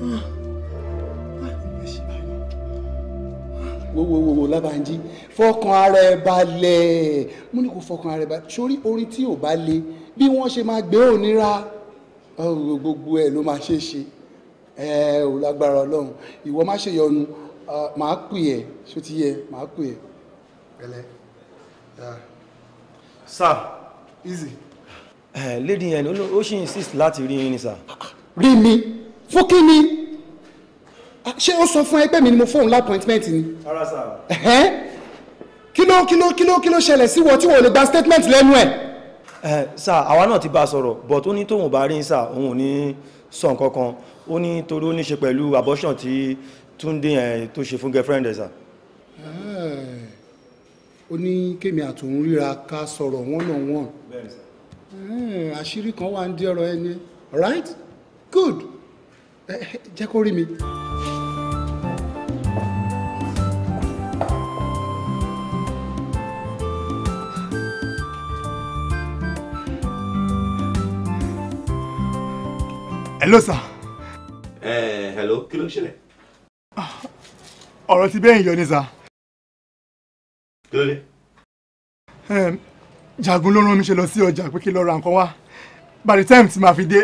Ah! Ah! wo wo wo wo Lábànjí fọkàn ara ẹ balẹ̀ mo ní kó fọkàn ara ẹ balẹ̀ sórí orin tí ò bá le bí wọ́n ṣe máa gbé òníra gbogbo ẹ̀ ló máa ṣe ṣe ẹ ò lágbára Ọlọ́run ìwọ má ṣe yọnu màá pè ẹ́ ṣó ti màá pè ẹ́ pẹ̀lẹ́ sir easy. Eh, lady yẹn ó ṣì insists láti rí yín ni sir. rí mi fún kí ni ah, ṣé ó sọ fún ẹgbẹ́ mi ni mo fóun lápọ́ìntmẹ́ǹt ni. rárá sir. kí ló kí kilo, kilo. ló kí ló ṣẹlẹ̀ sí wọ́n tí wọ́n gba statement lẹ́nu ẹ̀ eh, sá àwa náà ti bá sọ̀rọ̀ but ó ní tóun bá rí sir, òun ò ní sọ nǹkan kan ó ní torí ó ní ṣe pẹ̀lú abortion tí Túndé ẹ̀ tó ṣe fún girlfriend ẹ̀ ó ní kémi àtòun ríra ká sọ̀rọ̀ wọ́n náà wọ́n àṣírí kan wà ń di ọ̀rọ̀ ẹni right good jẹ́ kó rí mi. hello sir. ẹ eh, hello kí ló ń ṣẹlẹ̀. Ah, ọ̀rọ̀ ti bẹ́ẹ̀ yọ ni sir kí ló dé. jagun ló rán mi ṣe lọ sí ọjà pé kí lọ ra nǹkan wá by the time tí màá fi dé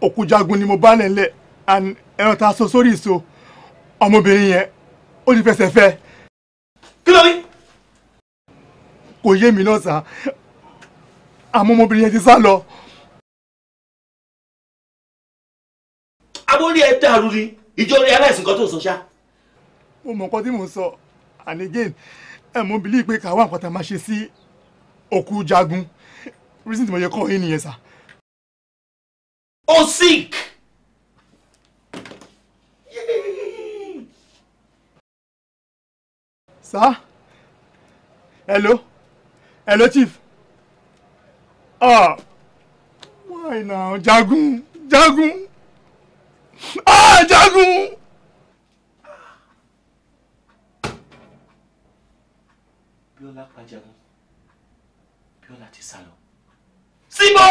òkú jagun ni mo bá lẹ̀ lẹ̀ and ẹran ta so sórí ìso ọmọbìnrin yẹn ó ti fẹsẹ̀ fẹ́. kí kò yé mi náà sá àmọ́ ọmọbìnrin yẹn ti sá lọ. abórí ẹ dàrú ni ìjọ rí aláìsàn kan tó ń sọ ṣá. mo mọ̀ nǹkan tí mò sọ and again ẹ mọ bìlí pé ká wá máa ṣe sí òkú jagun reason tí mo yẹ kọ́ yín nìyẹn sà. o sick. sà hello hello chief ah why now jagun jagun ah jagun. Bíọ́lá pàjáwọ́ Bíọ́lá ti sá lọ. síbò.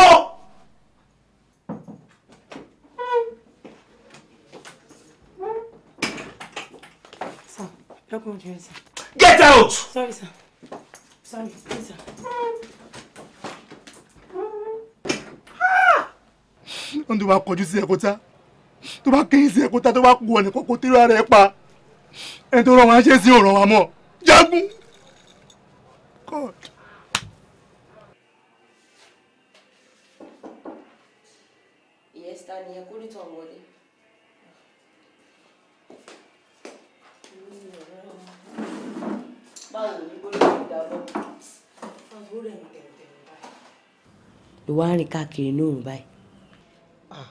sir lọ́gbọ̀n jẹ́ sir. get out. sorry sir sorry please sir. ohun tó bá kọjú sí ẹ̀kọ́ta tó bá kẹ́yìn sí ẹ̀kọ́ta tó bá kú ọ̀nì kókó tí ó rà rẹ̀ pa ẹni tó rán wa ṣe sí òràn wa mọ̀ jágún. God. Yes, Danny, I couldn't tell what báwo ni gbólóhùn ìdábọ̀. àbúrò ẹ̀ ń tẹ̀lé báyìí.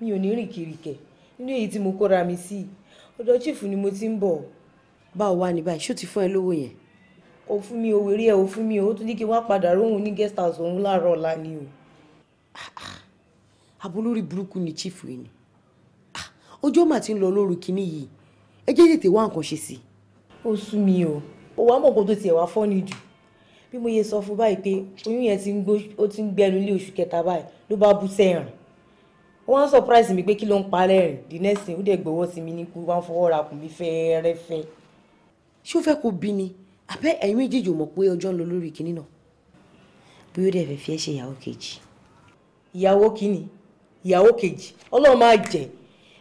mi ò ní rìn kiri kẹ nínú èyí tí mo kóra mi sí ọ̀dọ̀ chief ni mo ti ń bọ̀. báwo wá ní báyìí ṣó ti fún ẹ lówó yẹn kò fún mi o wèrè ẹ ò fún mi o ó tún ní kí wọ́n padà róhùn ní guest house òun láàárọ̀ ọ̀la ni o. Ah, ah, abolórí burúkú ni chief yìí ni ah, ọjọ́ mà ti ń lọ lóru kínní yìí ẹ tètè wá nǹkan ṣe sí ó sú mi o ó wàá mọ̀ kó tó tiẹ̀ wá fọ́ọ̀nì jù bí mo yẹ sọ fún báyìí pé oyún yẹn ti ń gbẹnu lé oṣù kẹta báyìí ló bá bú sẹ́rìn wọ́n á surprise mi pé kí ló ń parẹ́ rìn the next thing ó dẹ̀ gbowó sí mi ní kú wọ́n á fọwọ́ ra kùn mí fẹ́ẹ́rẹ́fẹ́. ṣé ó fẹ́ kó bí ni àbẹ́ ẹ̀yin méjèèjì ò mọ̀ pé ọjọ́ ń lọ lórí kinní náà bí ó dẹ̀ fẹ́ fi ẹ́ ṣe ìyàwó kejì ìyàwó kínní ìyàwó kejì ọlọ́run máa jẹ́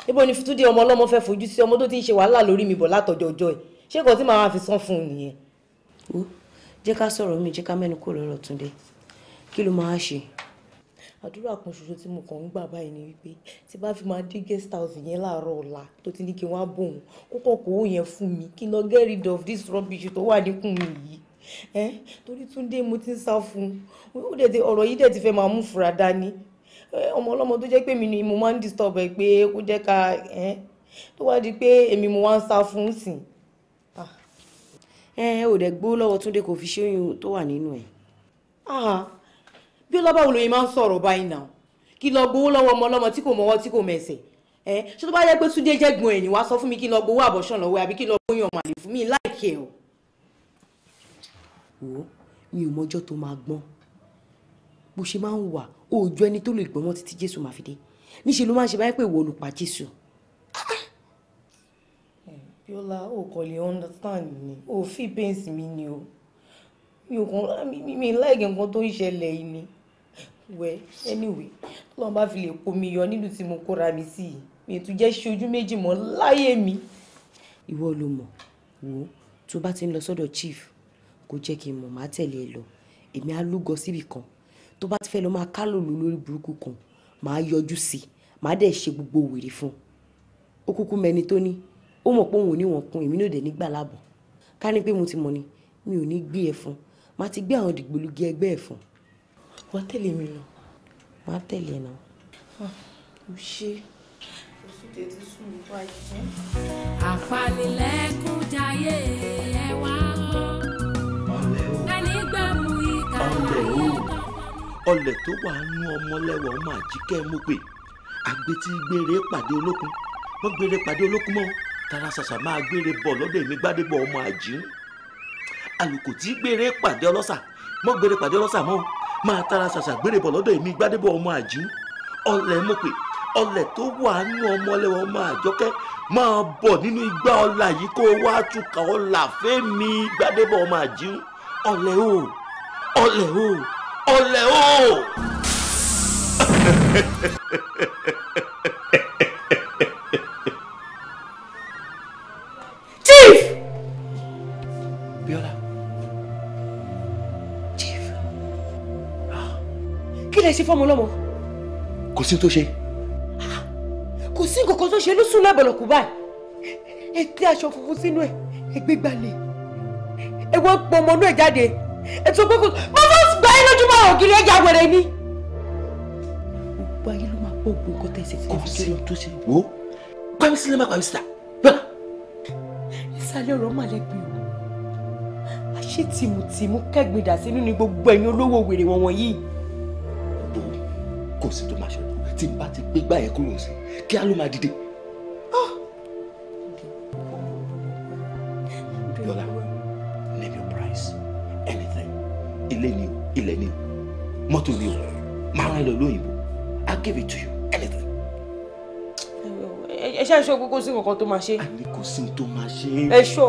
níbo ni fitúndé ọmọ ọlọ́mọ fẹ́ fojú sí ọmọ tó ti ń ṣe wàhálà lórí mi bọ̀ látọjọ́ ọjọ́ ẹ̀ ṣé nǹkan tí màá fi san fún un nìyẹn. jẹ́ ká sọ̀rọ̀ mi jẹ́ ká mẹ́nu kúrò lọ́rọ̀ Túndé kí ló máa ṣe àdúrà kan ṣoṣo tí mo kàn ń gbà báyìí ni wípé tí bá fi máa dé guest house yẹn láàárọ̀ ọ̀la tó ti ní kí wọ́n á bò wọ́n kókò kó owó yẹn fún mi kí n lọ get rid of this rubbish tó wà níkùn mi yìí ẹ torí Túndé mo ti ń sá fún un ó dẹ̀ ti ọ̀rọ̀ yìí dẹ̀ ti fẹ́ máa mú fura dání ọmọ ọlọ́mọ tó jẹ́ pé mi ni mo máa ń disturb ẹ pé kó jẹ́ ká tó wá di pé èmi mo wá ń sá fún sìn. Ah. ẹ ò dẹ̀ gbọ́ lọ́wọ́ Túndé kò fi ṣóyún tó wà nínú ẹ̀. Ah bí ọlọ́ba wo lóye máa ń sọ̀rọ̀ báyìí náà kí lọ gbowó lọ́wọ́ ọmọ ọlọ́mọ tí kò mọ́wọ́ tí kò mẹsẹ̀ ẹ ṣé tó bá yẹ pé Túndé jẹ́gbọ́n ẹ̀ ní wá sọ fún mi kí lọ gbowó àbọ̀ṣán lọ́wọ́ àbí kí lọ gbóyàn màlè fún mi láìkẹ́ ẹ̀ o. wo mi ò mọjọ́ tó máa gbọ́n bó ṣe máa ń wà òòjọ́ ẹni tó lè gbọ́n títí Jésù máa fi dé níṣẹ́ ló máa ń ṣe báyìí pé ìwọ olùpà Jésù. Bíọ́lá o kò lè understand ni o fi pains mi ni o mi ò kàn mi mi láì nǹkan tó ń ṣẹlẹ̀ yìí ni wẹ anyway tọ́lọ́n bá fi lè kó mi yọ nílùú tí mo kóra mi sí yìí mi tún jẹ́ ṣe ojú méjì mọ́ láyé mi. ìwọ ló mọ̀ wò tó bá ti ń lọ sọ́dọ̀ chief kò jẹ́ kí n mọ̀ má tẹ̀lé ẹ lọ èmi á lúgọ síbì kan tó bá ti fẹ́ lọ máa kálò lò lórí burúkú kan màá yọjú sí i màá dẹ̀ ṣe gbogbo wèrè fún un ó kúkú mẹni tó ní ó mọ̀ pé òun ò ní wọn kún èmi náà dẹ̀ nígbà láàbọ̀ ká ní pé mo ti mọ̀ ni mi ò ní gbé ẹ fún un màá ti gbé àwọn dìgbòlugi ẹgbẹ́ ẹ fún un wà á tẹ̀lé mi lọ wà á tẹ̀lé náà. Ah, o ṣe oṣù tètè sùn ní báyìí. àpànìlẹ́kùn jayé ẹ wá mọ́ ẹni gbẹ̀mú ìka láyé kan ọlẹ̀ tó wà nú ọmọlẹ́wà ọmọ àjíkẹ́ mú pé àgbètì gbére pàdé olókun wọ́n gbére pàdé olókun mọ́ tara ṣàṣà máa gbére bọ̀ lọ́dọ̀ èmi gbádébọ̀ ọmọ àjíhùn àlùkò tí gbére pàdé ọlọ́ṣà mọ́ gbére pàdé ọlọ́ṣà mọ́ máa tara ṣàṣà gbére bọ̀ lọ́dọ̀ èmi gbádébọ̀ ọmọ àjí ọlẹ̀ mo pè ọlẹ̀ tó wà nú ọmọlẹ́wọ̀ ọmọ àjọkẹ́ máa bọ̀ nínú igbá ọlà yìí kó wá túkà ọlà fẹ́mi gbádébọ̀ ọmọ àjí ọlẹ̀ o ọlẹ̀ o ọlẹ̀ o. lè ṣe fọmọ lọmọ. kò sí tó ṣe. kò sí nǹkan kan tó ṣe ló sùn lábọ̀lọ̀ kù báyìí ẹ tẹ aṣọ funfun sínú ẹ ẹ gbé gbalẹ̀ ẹ wọ́n pọ ọmọ náà jáde ẹ tó pé kò mo fọ́ gbá yín lójúmọ́ ògiri ẹja wẹ̀rẹ̀ ni. gbogbo ayé ló máa gbóògbó nǹkan tẹ̀ ṣe tẹ̀ fi jẹ́ lọ. kò sí tó ṣe wò ó pàmí sílẹ̀ má pàmí síta ìsàlẹ̀ ọ̀rọ̀ mà kò sí tó máa ṣẹlẹ̀ tí n bá ti gbé gbà yẹn kúrò sí kí á ló máa dìde. yọlá ah! name your price anything ilé ni o ilẹ̀ ni o mọ́tò ni o máa rán lọ lóyìnbó i give it to you anything. ẹ ṣe àìsàn gbogbo sí nǹkan tó máa ṣe. àní kò sí tó máa ṣe. ẹ ṣọ.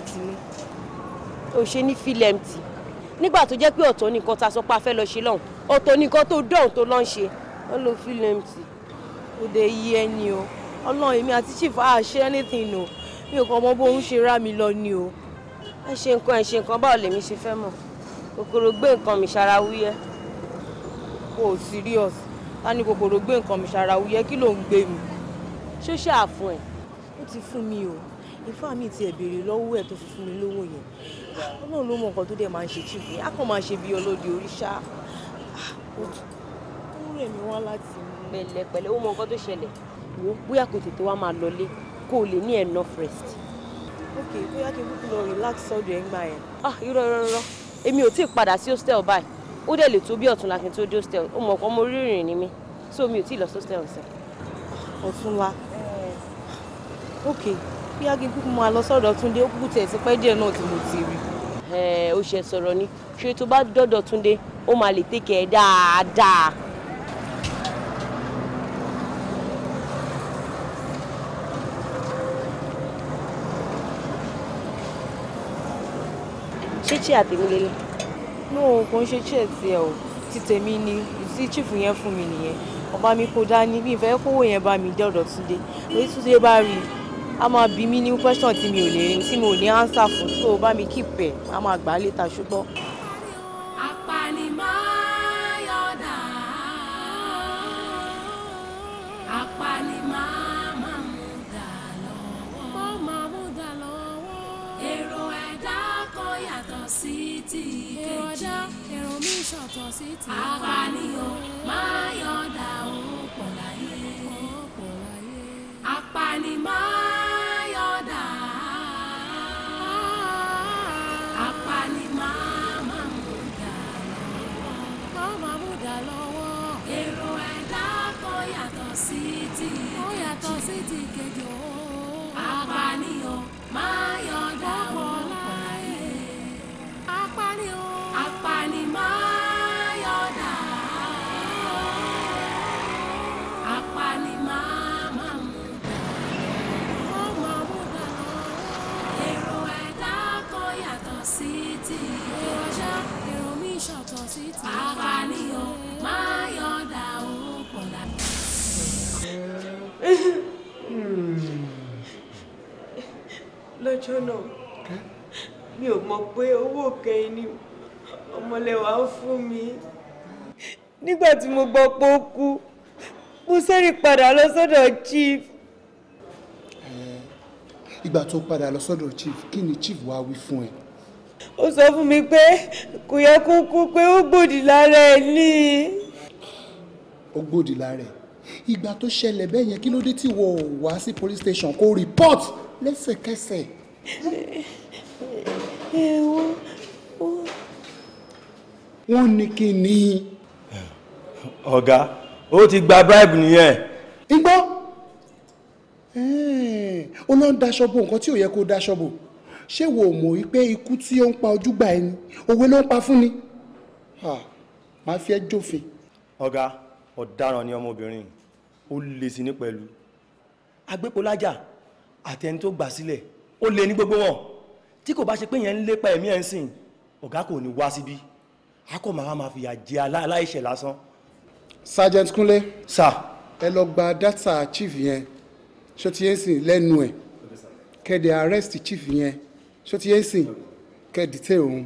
láti mú ò ṣe ní fílẹ̀mtì nígbà tó jẹ́ pé ọ̀tọ̀ nìkan ta sọ pé a fẹ́ lọ ṣe lọ́hùn ọ̀tọ̀ nìkan tó dọ̀hùn tó lọ́n ṣe ó lo fílẹ̀mtì ó dé yí ẹni o ọlọ́run èmi àti chief a anything no mi ò kàn mọ bó ń ṣe rá mi lọ ni o ẹ ṣe nǹkan ẹ ṣe nǹkan báwo lèmi ṣe fẹ́ mọ̀ kòkòrò gbé nǹkan mi ṣara kò serious ta ni kòkòrò gbé nǹkan mi ṣara wúyẹ́ kí ló ń gbé mi ṣó ṣe àfún ẹ̀ ó ti fún mi o ìfọ́ àmì ti ẹ̀ béèrè lọ́wọ́ ẹ̀ tó fi fún mi lówó yẹn ah, ọlọ́run ló mọ nǹkan tó dẹ̀ máa ń ṣe chief yẹn á máa ṣe bí ọlọ́dẹ oríṣà ah, ó rẹ̀ mí wá láti mú. pẹ̀lẹ́pẹ̀lẹ́ ó mọ nǹkan tó ṣẹlẹ̀ wo bóyá kò tètè wá máa lọlé kó o lè ní enough rest. ok bóyá kí n kúkú lọ relax sọ́dọ̀ ẹ̀ ń gbà yẹn. ah irọ́ irọ́ irọ́ èmi ò tí ì padà sí hostel báyìí ó dẹ̀ lè tó bí ọ̀túnla kí tó dé hostel ó mọ̀ ọ̀pọ̀ mo rírìn ní mi so mi ò tí ì lọ sí hostel ọ̀sẹ̀. ọ̀túnla eh. ok bóyá kí n kúkú máa lọ sọ́dọ̀ Túndé ó kúkú tẹ̀ sí pẹ́ díẹ̀ náà tí mo ti rí. ẹ ó ṣe sọ̀rọ̀ ni ṣé tó bá dọ́dọ̀ Túndé ó máa lè tẹ́kẹ̀ ẹ́ dáadáa. ṣé tí àtẹ̀mí lélẹ̀. no kò ń ṣe tí ẹ̀ tiẹ̀ o ti tèmi ni tí chief yẹn fún mi nìyẹn ọba mi kò dání bí ìfẹ́ kówó yẹn bá mi dé ọ̀dọ̀ Túndé lórí Túndé bá rí i a máa bí mi ní question tí mi ò lè tí mi ò ní answer fún so bá mi keep ẹ̀ a máa gbà á létà ṣùgbọ́n. apanimayọ̀dà apanimamuda kan yàtọ̀ sí ti kejì èrò ẹ̀dá èrò mi ṣọ̀tọ̀ sí ti kejì. sàkàníyàn máa yọ̀ǹda owó pọ̀lá. Hmm. lọ́jọ́ náà mi ò mọ̀ pé owó kẹ́yìn ni ọmọlẹ́wà ń fún mi. nígbà tí mo gbọ́ pé ó kú mo sẹ́rì padà lọ sọ́dọ̀ chief. ìgbà tó padà lọ sọ́dọ̀ chief kí ni chief wá wí fún ẹ ó sọ fún mi pé kò yẹ kó kú pé ó gbòdì lára ẹ̀ ní. ó gbòdì lára ẹ̀ ìgbà tó ṣẹlẹ̀ bẹ́ẹ̀ yẹn kí ló dé tí wọ́n wá sí police station kó report lẹ́sẹ̀kẹsẹ̀. wọ́n ní kí ni. ọ̀gá ó ti gba bribe nìyẹn. igbó ó lọ ń daṣọ bo nǹkan tí ò yẹ kó daṣọ bo ṣé wo mọ̀ wípé ikú tí ó ń pa ojúgbà ẹni òwe ló ń pa fún ni máa fi ẹ́ jófin. ọ̀gá ọ̀daràn ni ọmọbìnrin ó lè sí ní pẹ̀lú agbépolájà àti ẹni tó gbà sílẹ̀ ó lè ní gbogbo wọn tí kò bá ṣe pé yẹn ń lépa ẹ̀mí ẹ̀ ń sìn ọ̀gá kò ní wá síbí a kò máa fìyà jẹ aláìṣẹ̀ lásán. sergeant Kúnlé sir ẹ lọ gba data chief yẹn ṣó ti yẹn sìn lẹ́nu ẹ̀ kẹ́dẹ̀ arrest chief yẹn ṣó ti yẹn sìn kẹ́ dìtẹ́ òun.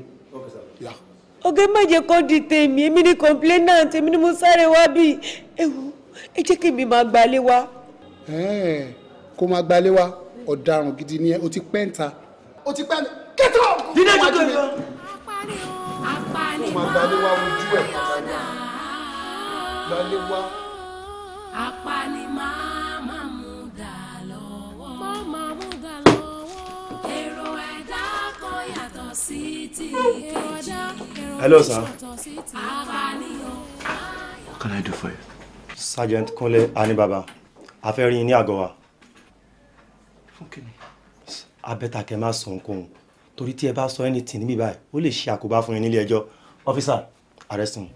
ọ̀gá má jẹ́ kó di tèmi èmi ni complainant èmi ni mo sáré wá bí ewu ẹ jẹ́ kí mi máa gbalé wá. kó máa gbalé wá ọ̀daràn gidi ni ẹ o ti pẹ́ ń ta. o ti pẹ́ ń ta kẹ́tọ́ dídé tó tó yọ. kó máa ojú ẹ̀ gbalé wá. apanimáà. Hello, sir. What can I do for you? Sergeant Kunle Anibaba, a fẹ́ rí yín ní àgọ́ wa. Fún kí ni? Abẹ́ta kẹ́ máa sọ ohunkóhun torí anything Me by. ó lè ṣe àkóbá fún yín nílé ẹjọ́. Officer, arrest him.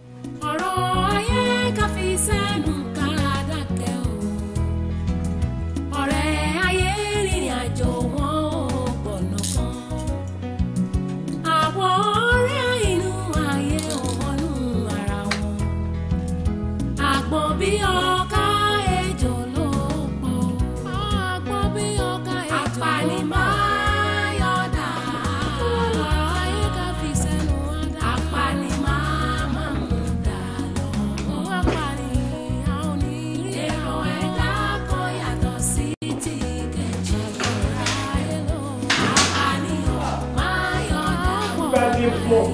mọ́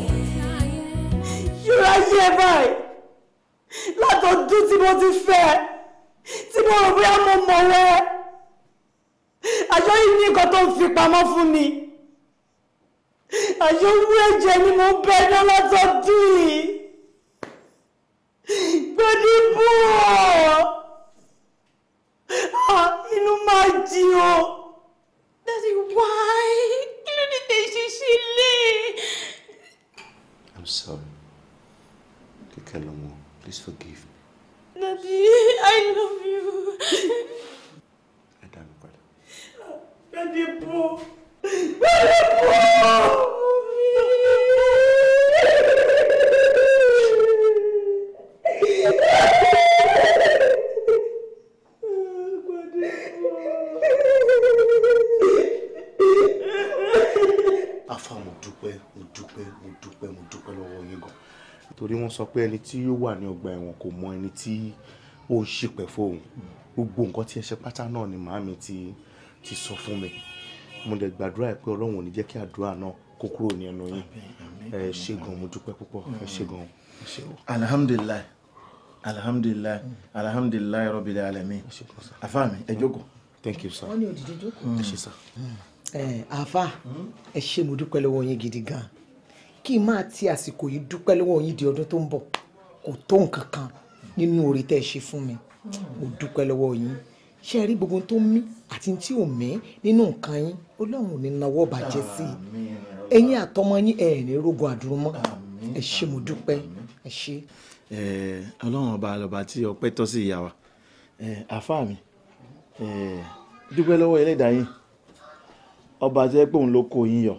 yóò ayé ẹ báyìí látọ̀dún tí mo ti fẹ́ tí mo rò bóyá mo mọ̀ rẹ àjọ yìí ní nǹkan tó ń fi pamọ́ fún mi àjọ wú ẹ̀jẹ̀ ni mo bẹ ní látọ̀dún yìí gbẹdìbò ah, inú máa jí o. Daddy, why? kí ló dé tẹ̀ ṣe I'm sorry. Kẹ̀kẹ́ lọ́mọ, please forgive me. Daddy, I love you. Ẹ dá mi padà. Daddy bò. Daddy bò. Afa mo dúpẹ́, mo dúpẹ́, mo dúpẹ́, mo dúpẹ́ torí wọ́n sọ pé ẹni tí yóò wà ní ọgbà ẹ̀wọ̀n kò mọ ẹni tí ó ń ṣìpẹ̀ fóun gbogbo nǹkan tí ẹ ṣe pátá náà ni màámi ti ti sọ fún mi mo dẹ̀ gbàdúrà ẹ̀ pé ọlọ́run ò ní jẹ́ kí àdúrà náà kó kúrò ní ẹnu yín ẹ ṣé gan mo dúpẹ́ púpọ̀ ẹ ṣé gan. alihamudulilayi alihamudulilayi alihamudulilayi rabbil alamin afa mi ẹ jókòó. thank you sir. wọ́n ní òdìdí jókòó. ẹ ṣé sir. ẹ afa ẹ ṣé mo dúpẹ́ lọ́wọ́ yín gidi gan kí n máa ti àsìkò yìí dúpẹ́ lọ́wọ́ yín di ọdún tó ń bọ̀ kò tó nǹkan kan nínú oore tẹ́ ẹ ṣe fún mi mo dúpẹ́ lọ́wọ́ yín ṣe rí gbogbo tó mí àti tí ò mí nínú nǹkan yín ọlọ́run ò ní nawọ́ bàjẹ́ sí i ẹ̀yin àtọmọ yín ẹ̀ ní rogo àdúró mọ́ ẹ ṣé mo dúpẹ́ ẹ ṣé. ọlọ́run ọba lọ́ba tí ọpẹ́ tọ́ sí ìyá wa àfáà mi dúpẹ́ lọ́wọ́ ẹlẹ́dàá yín ọba tí pé òun ló kó yín yọ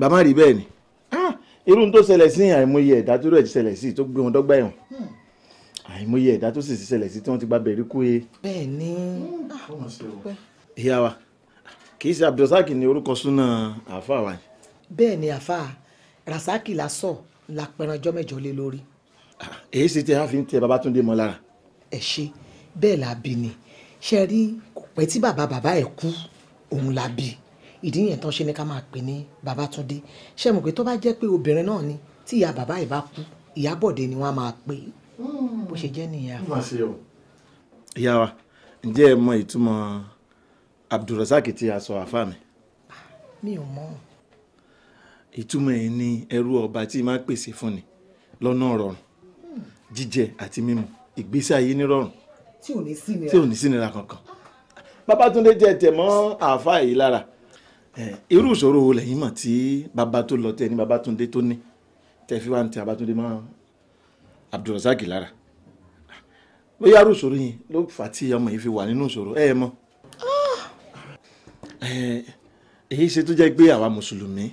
bàbá rí bẹ́ẹ̀ ni irú tó ṣẹlẹ̀ sí àìmọye ẹ̀dá tó rẹ̀ ti ṣẹlẹ̀ sí tó gbé wọn dọ́gba ẹ̀wọ̀n hmm. àìmọye ẹ̀dá tó sì ti ṣẹlẹ̀ sí tí wọ́n ti gba bẹ̀rí kú e. bẹ́ẹ̀ ni hmm. ah, ìyá wa kì í ṣe abdulsak ni orúkọ súná àáfà wa yìí. bẹ́ẹ̀ ni àáfà rasaki la la pẹran ọjọ́ mẹ́jọ lé lórí. Ah, èyí sì ti àfi ń tẹ babatunde mọ́ lára. ẹ ṣe bẹ́ẹ̀ la bí ni ṣe rí kò pẹ́ tí bàbá bàbá ẹ̀ kú òun la bí ìdí yẹn tán ṣe ni ká máa pè ní Babátúndé ṣe mọ̀ pé tó bá jẹ́ pé obìnrin náà ni tí ìyá bàbá ẹ̀ kú ìyá Bọ̀dé ni wọ́n máa pè é hmm. bó ṣe jẹ́ nìyà. ìyá wa ǹjẹ́ ẹ mọ ìtumọ̀ Abdulrasaq tí a àfa mi. Ah, mi ò mọ̀. ìtumọ̀ ẹ̀ ni ẹrú ọba tí máa pèsè fún ni lọ́nà rọrùn hmm. jíjẹ àti mímu ìgbésí ayé nírọ̀rùn tí ò ní sí nira kankan. Babátúndé jẹ tẹ̀ mọ́ yìí lára Eh, irú ìṣòro wo lẹ́yìn mọ̀ tí bàbá tó lọ tẹ ní tó ní tẹ fi wá ní ti Babátúndé mọ́ Abdulrasaq lára bóyá irú ìṣòro yìí ló fà tí ọmọ yìí fi wà nínú ìṣòro ẹ mọ́ ah! eh, èyí ṣe tó jẹ́ àwa mùsùlùmí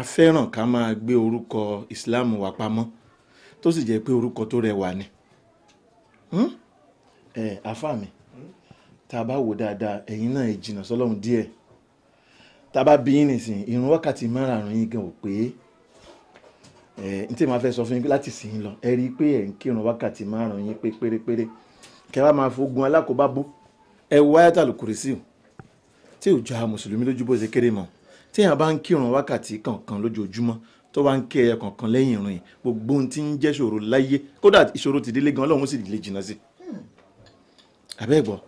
a ká máa gbé orúkọ ìsìláàmù pamọ́ tó sì jẹ́ pé orúkọ tó rẹwà ni hmm? eh, mi hmm? tá a bá wò dáadáa ẹ̀yin náà tábà bí yín nìsín irun wákàtí márùn-ún yín gan ò pé ẹ n tí màá fẹ́ sọ fún yín láti sìn yín lọ ẹ rí i pé ẹ̀ ń kírun wákàtí márùn-ún yín pé pérépéré kẹ́ wá máa fogun alákòóbá bú ẹ wọ ayáta lùkùrì sí o tí ò jọ àwọn mùsùlùmí lójú bó ṣe kéré mọ́ téèyàn bá ń kírun wákàtí kankan lójoojúmọ́ tó bá ń kí ẹyẹ kankan lẹ́yìn ìrìn gbogbo ohun tí ń jẹ́ ṣòro láyé kódà ìṣòro ti délé gan ọlọ́run sì lè jìnnà sí i hmm. àbẹ́ẹ̀gbọ́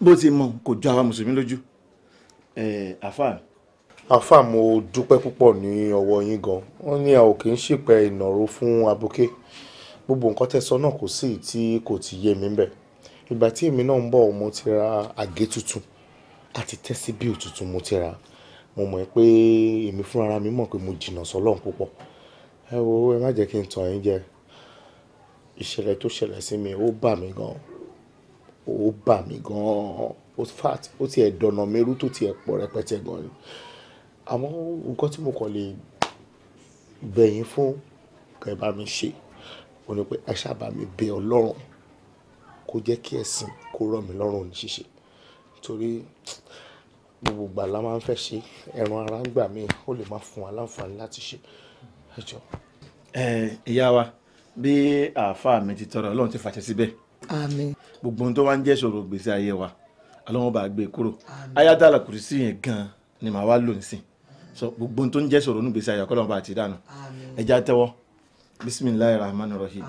bó ti mọ kò jọ àwa mùsùlùmí lójú àfà. Eh, àfà mo dúpẹ́ púpọ̀ ní ọwọ́ yín gan wọ́n ní a ò kì í ṣìpẹ̀ ìnàró fún abuké gbogbo nǹkan tẹ̀sán náà kò sí tí kò ti yé mi bẹ̀ ìgbà tí èmi náà ń bọ̀ mo ti ra àgé tuntun àti tẹ́síbíù tuntun mo ti ra mo mọ̀ pé èmi fúnra mi mọ̀ pé mo jìnnà sọ́lọ́run púpọ̀ ẹ wo ẹ má jẹ́ kí n tàn yín jẹ ìṣẹ̀lẹ̀ tó ṣẹlẹ̀ sí mi ó bà mí gan ó bà mí gan o fat o tiẹ̀ dọ̀nà mẹ́rú tó tiẹ̀ pọ̀ rẹpẹtẹ gan ni àmọ́ nǹkan tí mo kàn lè bẹ̀yìn fún kẹ́ ẹ bá mi ṣe ò ní pé ẹ ṣáàbà mi bẹ ọlọ́run kó jẹ́ kí ẹ̀sìn kó rọ̀ mí lọ́rùn ní ṣíṣe torí gbogbo ìgbà la máa ń fẹ́ ṣe ẹran ara ń gbà mí ó lè má fún wa láǹfààní láti ṣe ẹ jọ. ẹ ìyá wa bí àáfàá mi ti tọrọ ọlọ́run ti fàṣẹ síbẹ̀. gbogbo ohun tó wá ń jẹ́ ìṣòro gbèsè ayé wa ọlọ́wọ́n bá gbé kúrò ayatollah kùrìsì yẹn gan ni màá wá lò nísìn so gbogbo tó ń jẹ́ sọ̀rọ̀ nígbèsè ayọ̀ kọ́lọ́wọ́n bá ti dànù ẹja tẹ́wọ́ bisimilahi rahman rahim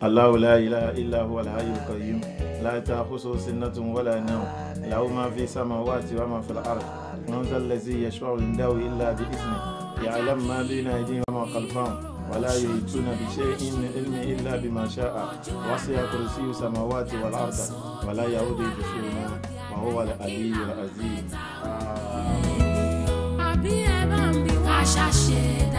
alahu la ilaha illa huwa alhayyul qayyum la ta'khusuhu sinatun wala nawm lahu ma fi samawati wa ma fil ard man dhal ladhi yashfa'u 'indahu illa bi idhnihi ya'lamu ma bayna aydihim wa ma khalfahum ولا يحيطون بشيء من علمه إلا بما شاء وسع كرسي السماوات والأرض ولا يعود بشيء وهو العلي العظيم. àbí ẹ bá ń